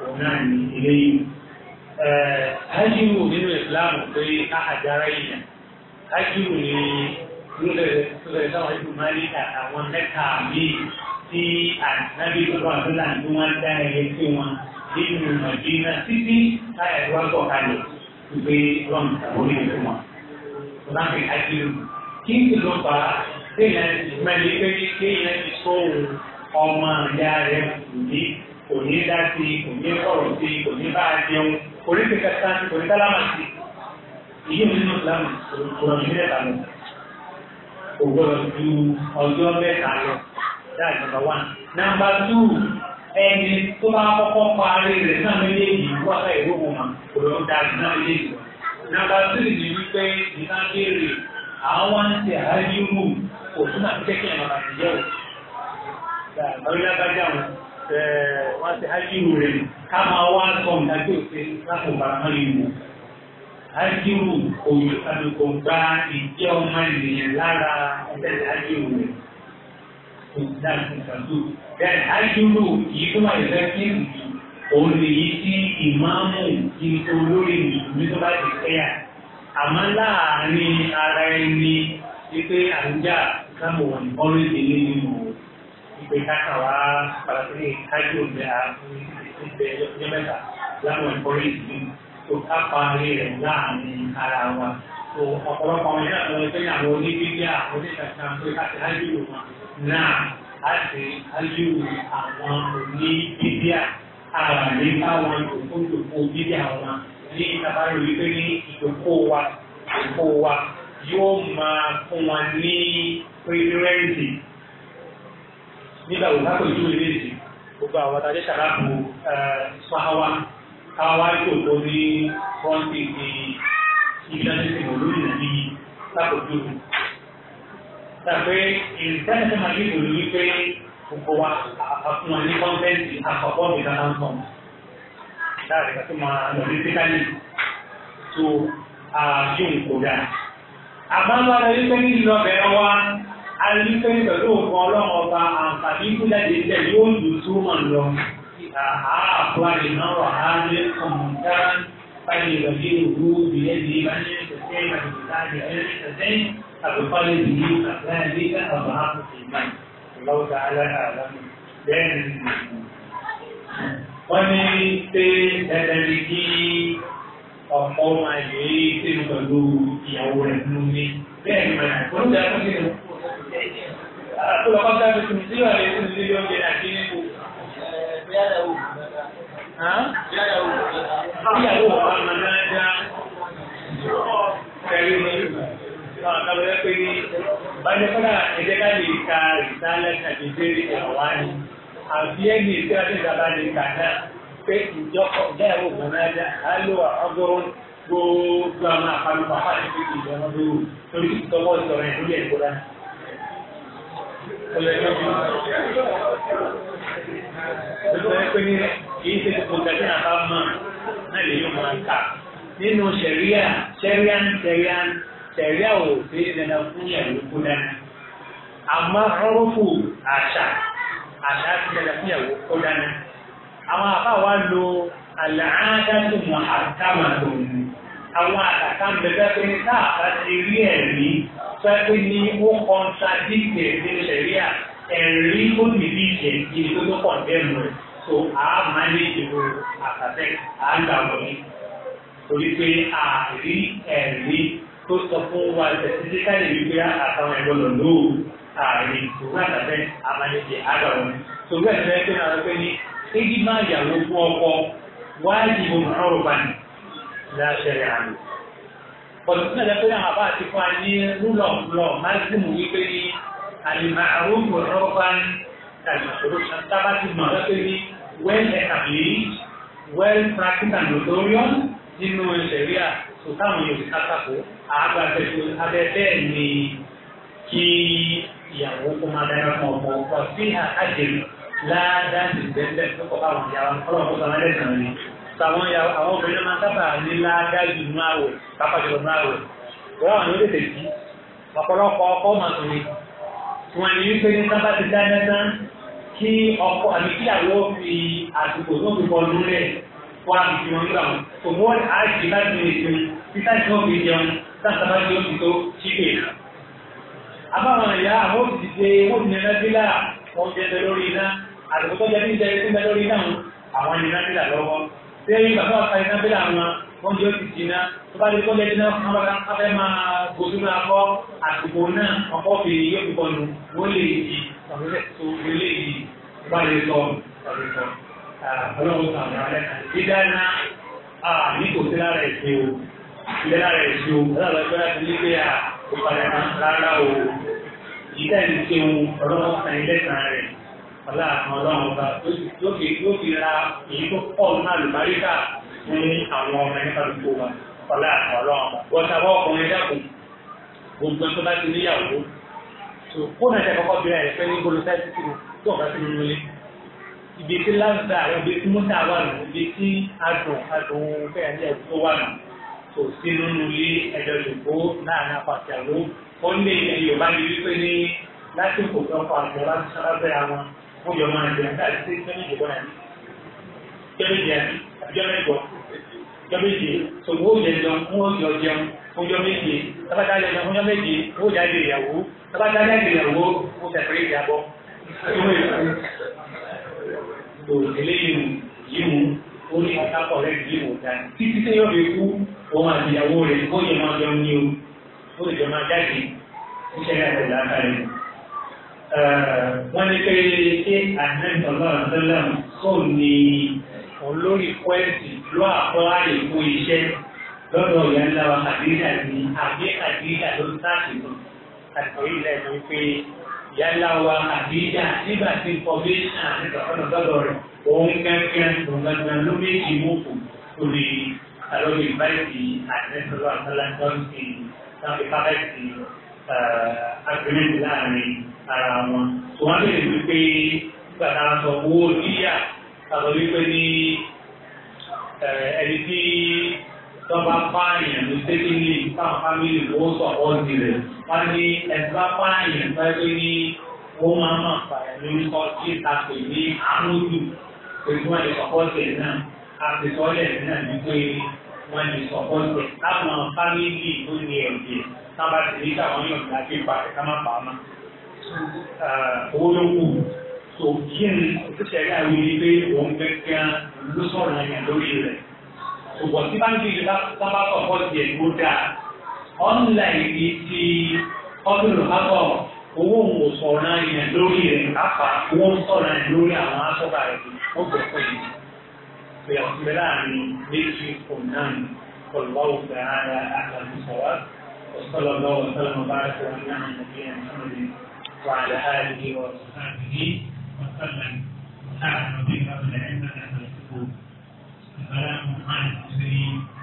ونعني náà ní ilé الإسلام في أحد ìsìláàmù pé àjàrà èèyàn ájírù ní lóṣèlú táwọn ìlú máa ní àwọn mẹ́ta míì tí ànábì bàbá àbúlà ní wọ́n dá ẹyẹ sí wọn nínú mọ̀dínà títí táyà ìwà bọ̀ kalẹ̀ gbé wọn orí fún wọn. Wọ́n á fi ájírù. Kí n sì lọ bá kéèyàn mẹ́lẹ́ pé kéèyàn ti sọ ọmọ ìyá rẹ̀ ní kò ní dá sí i kò ní sọ̀rọ̀ sí i kò ní bá a jẹun kò ní kíkà sá sí i kò ní sálámà sí i ìyí nínú ìsìlámù kòrò ní mẹ́ta lọ kò gbọdọ̀ ju ọjọ́ mẹ́ta lọ dáa nàmbà wán. nàmbà tù ẹni tó bá kọ́kọ́ parí rẹ̀ náà méjèèjì wákà ìwéwò mà kò lọ́ọ́ da náà méjèèjì lọ. nàmbà tìrì ni wípé nǹkan béèrè àwọn ń ṣe àájú rù kò tún àti kẹ́kẹ́ àwọn àtijọ́ ò. ọ̀rẹ́ lágbájá wọn wọ́n ti ájírù rẹ̀ ká máa wá sọ ìdájọ́ ìpè láti bàbá ìlú. ájírù òyìn àdùkò gba ìjẹ́ ọmọ ènìyàn lára ẹgbẹ́ ájírù rẹ̀ kò dájú ìtàdù. bẹ́ẹ̀ ájírù yìí tó wà lẹ́fẹ́ kí ìlú òun nìyí tí ìmáàmù ti olórí ìlú tó bá ti kẹ́yà. àmọ́ láàárín ara ẹni wípé àrùjá ìsámọ̀wọ̀n ọ̀rẹ́dẹ̀lẹ́ nínú o pé káàkà wá pàtàkì kájú ọ̀gbẹ́ àgbẹ̀ ọjọ́ mẹ́ta láwọn ìkọrí ìsìn tó ká parí rẹ̀ láàrin ara wa. tó ọ̀pọ̀lọpọ̀ àwọn ìyá àwọn ẹgbẹ́ àwọn oníbíbí àwọn oníkàkà pé káàkà ájú wọn náà á sì ájú àwọn oníbíbí àrà ní káwọn òkúndòkó bíbí àwọn ní ìtàbárò wípé ní ìdókó wa ìdókó wa yóò máa fún wa ní pírẹ́ǹtì nígbà wo lápò ìdúró lè dì gbogbo àwọn tajẹ́ ṣàlápò ṣáháwá káwá ìṣòkò ní fọ́ǹtì ti ìdánilẹ́sìn olórí nàbí lápò ìdúró. tàbí ìdánilẹ́sìn máa ní ìdòdó wípé gbogbo wa àfún wa ní kọ́ńtẹ́ǹtì àkọ́kọ́ mi kan náà sọ̀rọ̀ láàrin kan tó máa lọ ní síkálì tó ààyè òǹkó dáa. àbámu ara yìí pé nílùú ọbẹ̀ wa alípẹ́ pẹ̀lú nǹkan ọlọ́run ọba àǹfààní kújáde tẹ̀ yóò lù túmọ̀ lọ. àáfọ̀ àdìmọ́rọ̀ ààrẹ kọ̀mọ̀dá báyìí ìrọ̀lẹ́ òwú ìrẹ́lẹ́ ìbáṣẹ́ ìṣẹ̀ṣẹ́ ìbàdìbàdì ẹ̀rẹ́ṣẹ̀ṣẹ́ àbúkọ́lé ìdílé àbúráyé àbá ìmọ̀ ìlọ́wọ́ta alára bẹ́ẹ̀ ni wọ́n ní pé ẹ̀ẹ́dẹ̀rì kí ọ̀pọ̀ máa lè ṣe pẹ̀lú ìyàwó rẹ̀ nínú mi bẹ́ẹ̀ ni màá kó ń dá fún mi Olùkọ́ fẹ́ fi tùmí sí ìwà lẹ́sìn sí ilé oúnjẹ àti nípò. Ìyáyàwó wà máa náà dá ẹ̀rí ní àkàlọ́ yẹ pé ní bájẹ́ fọ́nà ẹ̀jẹ̀ ká lè ka ìsálẹ̀ tàbí ìbéèrè ìyàwó ni. Àbí ẹni tí a ti dábà lè kà náà pé ìjọkọ̀ ìyáyàwó wà náà dá àlọ́ àgọ́rùn gbogbo àwọn àpalùpàá àti ìjọba lórí torí ìtọ́wọ́ ìtọ́rẹ̀ ìlú ẹ̀kọ́ náà lọ́wọ́ pé ní kì í ṣe gbogbo ìgbà tí a bá mọ̀ náà lè yóò máa kà nínú sẹ̀ríà sẹ̀ríà sẹ̀ríà sẹ̀ríà ò sí dandan fún ìyàwó kó dáná àmọ́ rọ́rùfù àṣà àṣà ti dandan fún ìyàwó kó dáná àwọn àbá lo àlàádájú mọ̀ àtàmàlò àwọn àtàkà ń bẹ bẹ́ẹ̀ pé ní táà ti rí ẹ̀rí sọ́yẹ́pẹ́ ní ó kọ́ńtàdíkì nínú sẹ̀ríà ẹ̀rí ó nìdí ìṣẹ̀ ìdí tó tó pọ̀ dẹ́nu rẹ̀ tó a máa ní ìdìbò àtàtẹ́ à ń gbà wọlé torí pé àrí ẹ̀rí tó sọ fún wa tẹ̀síṣẹ́ káyọ̀ wípé àtàwọn ẹ̀gbọ́n lò ó àrí òun àtàtẹ́ a máa ní ìdí àgbà wọlé torí ẹ̀sẹ̀ pé náà lọ́pẹ́ ní éjì máa yàwó fún ọkọ wáyé ìbò mọ̀ọ́rọ̀ bá ní láṣẹ̀rẹ̀ àná pọ̀jù náà lẹ́pẹ́ náà bá ti fún wa ní rule of law máximum wípé ní àlìmọ̀ àrùn rọ́bà àlìmọ̀ solution ti mọ̀ lẹ́pẹ́ ní well established well practiced and notorious nínú ìṣẹ̀ríà tó táwọn yóò fi kátàkó àgbà abẹ bẹ́ẹ̀ ni kí ìyàwó kó máa dáná fún ọmọ ọkọ sí àkájẹ ládàá ti bẹ́ẹ̀ bẹ́ẹ̀ tó kọ́ bá ni sàwọn àwọn obìnrin máa sábà ní ládájú nú àwẹ̀ pápájọ nú àwẹ̀ wọ́n wà ní oríṣi yìí ọ̀pọ̀lọpọ̀ ọkọ máa tó ní wọn ní wípé ní sábà ti dá dáná kí ọkọ àbí kí àwọn fi àdúgbò tó fi bọ́ lulẹ̀ fún àbùkù wọn nígbà wọn òun wọn á jì láti ní ìpín títà tí wọn fi jẹun sábà tí wọn fi tó ṣíkè náà. àbáwọn ìyá àwọn òṣìṣẹ́ wọn ní ẹlẹ́bílà wọn jẹ́ lórí iná àdúgbò tó jẹ́ ní ìjẹ́ lórí lọ́wọ́ lẹ́yìn ìgbà tó wà sáré náà bílà wọn wọ́n jọ ti jìnnà tó bá dé kọ́lẹ́jì náà wọ́n bá fẹ́ máa gòdú náà kọ́ àsìkò náà ọkọ̀ fi yé púpọ̀ nù wọ́n lè yí tó lè yí bá lè sọ ọlọ́run sàmúlá rẹ̀ dídáná ní kò sí lára ẹ̀sìn o ìlera rẹ̀ ṣe o ọlọ́run ẹgbẹ́ láti ní pé à kò padà rárá o ìdá ìṣeun ọlọ́run sàn ilé sàn rẹ̀ ọlá ọlọ́run ọba lókè lókè ra èyí tó pọ̀ náà lùbáríkà ní àwọn ọmọ ẹni kálukú wa ọlá ọlọ́run ọba. wọ́n sábà ọkùnrin dàkún gbogbo ẹni tó bá ti níyàwó tó kó náà kọ́kọ́ bí ẹ̀ pé ní gbólóṣáìtì tó ọ̀gá ti nínú ilé. ibi tí láǹdà àwọn ibi tí mọ́tà wà nù ibi tí adùn adùn bẹ́ẹ̀ ní ẹ̀kú wà nù kò sí nínú ilé ẹ̀jọ̀ lòkó ó yọ ọmọ nàìjíríà náà lè ṣe jọ́mí ìdìbò nàìjíríà jọ́mí ìdìbò jọ́mí ìbò jọ́mí ìdìbò tó wó yẹ lọ wọ́n yọ jẹun fún jọ́mí ìdìbò tábàtà lè lọ fún jọ́mí ìdìbò wó jáde ìyàwó tábàtà lè lè ìyàwó wó tẹ̀pẹ̀lẹ̀ ìyàbọ̀ tó eléyìí yìí mú ó ní akápọ̀ rẹ̀ yìí mú dání títí tí yóò fi kú òun àti ìyàwó rẹ̀ kó yẹ máa jọ ní o ó lè máa jáde ó ṣẹlẹ̀ àtẹ̀lẹ́ ní pé kí àìmẹ́rin ọlọ́run tẹ́lẹ̀ kò ní olórí pẹ́ẹ́sì ló àkọ́ àyè fún iṣẹ́ lọ́dọ̀ ìyá ńlá wa àdíríà ní àbí àdíríà ló ń sáàtì lọ àtọ̀rí ilẹ̀ ìlú pé ìyá ńlá wa àdíríà nígbà tí information àti ìtọ́kọ́nà lọ́dọ̀ rẹ̀ òun kẹ́kẹ́ lọ́gbàgbọ́n ló méjì mú kù lórí àlọ́lẹ̀ ìbáyìí àìmẹ́rin ọlọ́run tẹ́lẹ̀ tó ń fi ara wọn. Wọ́n lè rí pé gbàdá sọ owó díyà àtọ̀ wípé ní ẹni tí tọ́ba pààyàn ló tẹ́lẹ̀ ní ìtàn fámìlì ó sọ̀pọ̀ tirẹ̀. Wọ́n ní ẹ̀ka pààyàn pẹ́ẹ́pẹ́ ní ó máa ma pààyàn lórúkọ tí a pè ní àánúdù pẹ̀lú wọn lè sọ̀pọ̀ tẹ̀ náà. Àpèsọ́lẹ̀ náà ní pé wọ́n lè sọ̀pọ̀ tẹ̀ láwọn fámìlì tó ní ẹ̀jẹ̀ tábàtì níta wọn yóò dájú ìpàdé ká má bàá máa owó tó kù tó kí ni òṣìṣẹ́ rí àwọn ilé pé òun gẹ́gẹ́ ló sọ̀rọ̀ yẹn lórí rẹ̀ ṣùgbọ́n tí báńkì yìí sábà kọ̀kọ́ tiẹ̀ tó dáa ọ̀nlàyé ti ọdún lọ́kọ̀ owó òun ò sọ̀rọ̀ yẹn lórí rẹ̀ káfà owó ń sọ̀rọ̀ yẹn lórí àwọn asọ́gbà rẹ̀ ó gbẹ̀ pé ìgbéyàwó ti bẹ láàrin méjì fún náà kọlùbáwò fẹ́ ara àtàlùsọ̀wá. وصلى الله وسلم وبارك على نبينا محمد وعلى آله وصحبه وسلم ساعة اهل العلم أن السلام على المسلمين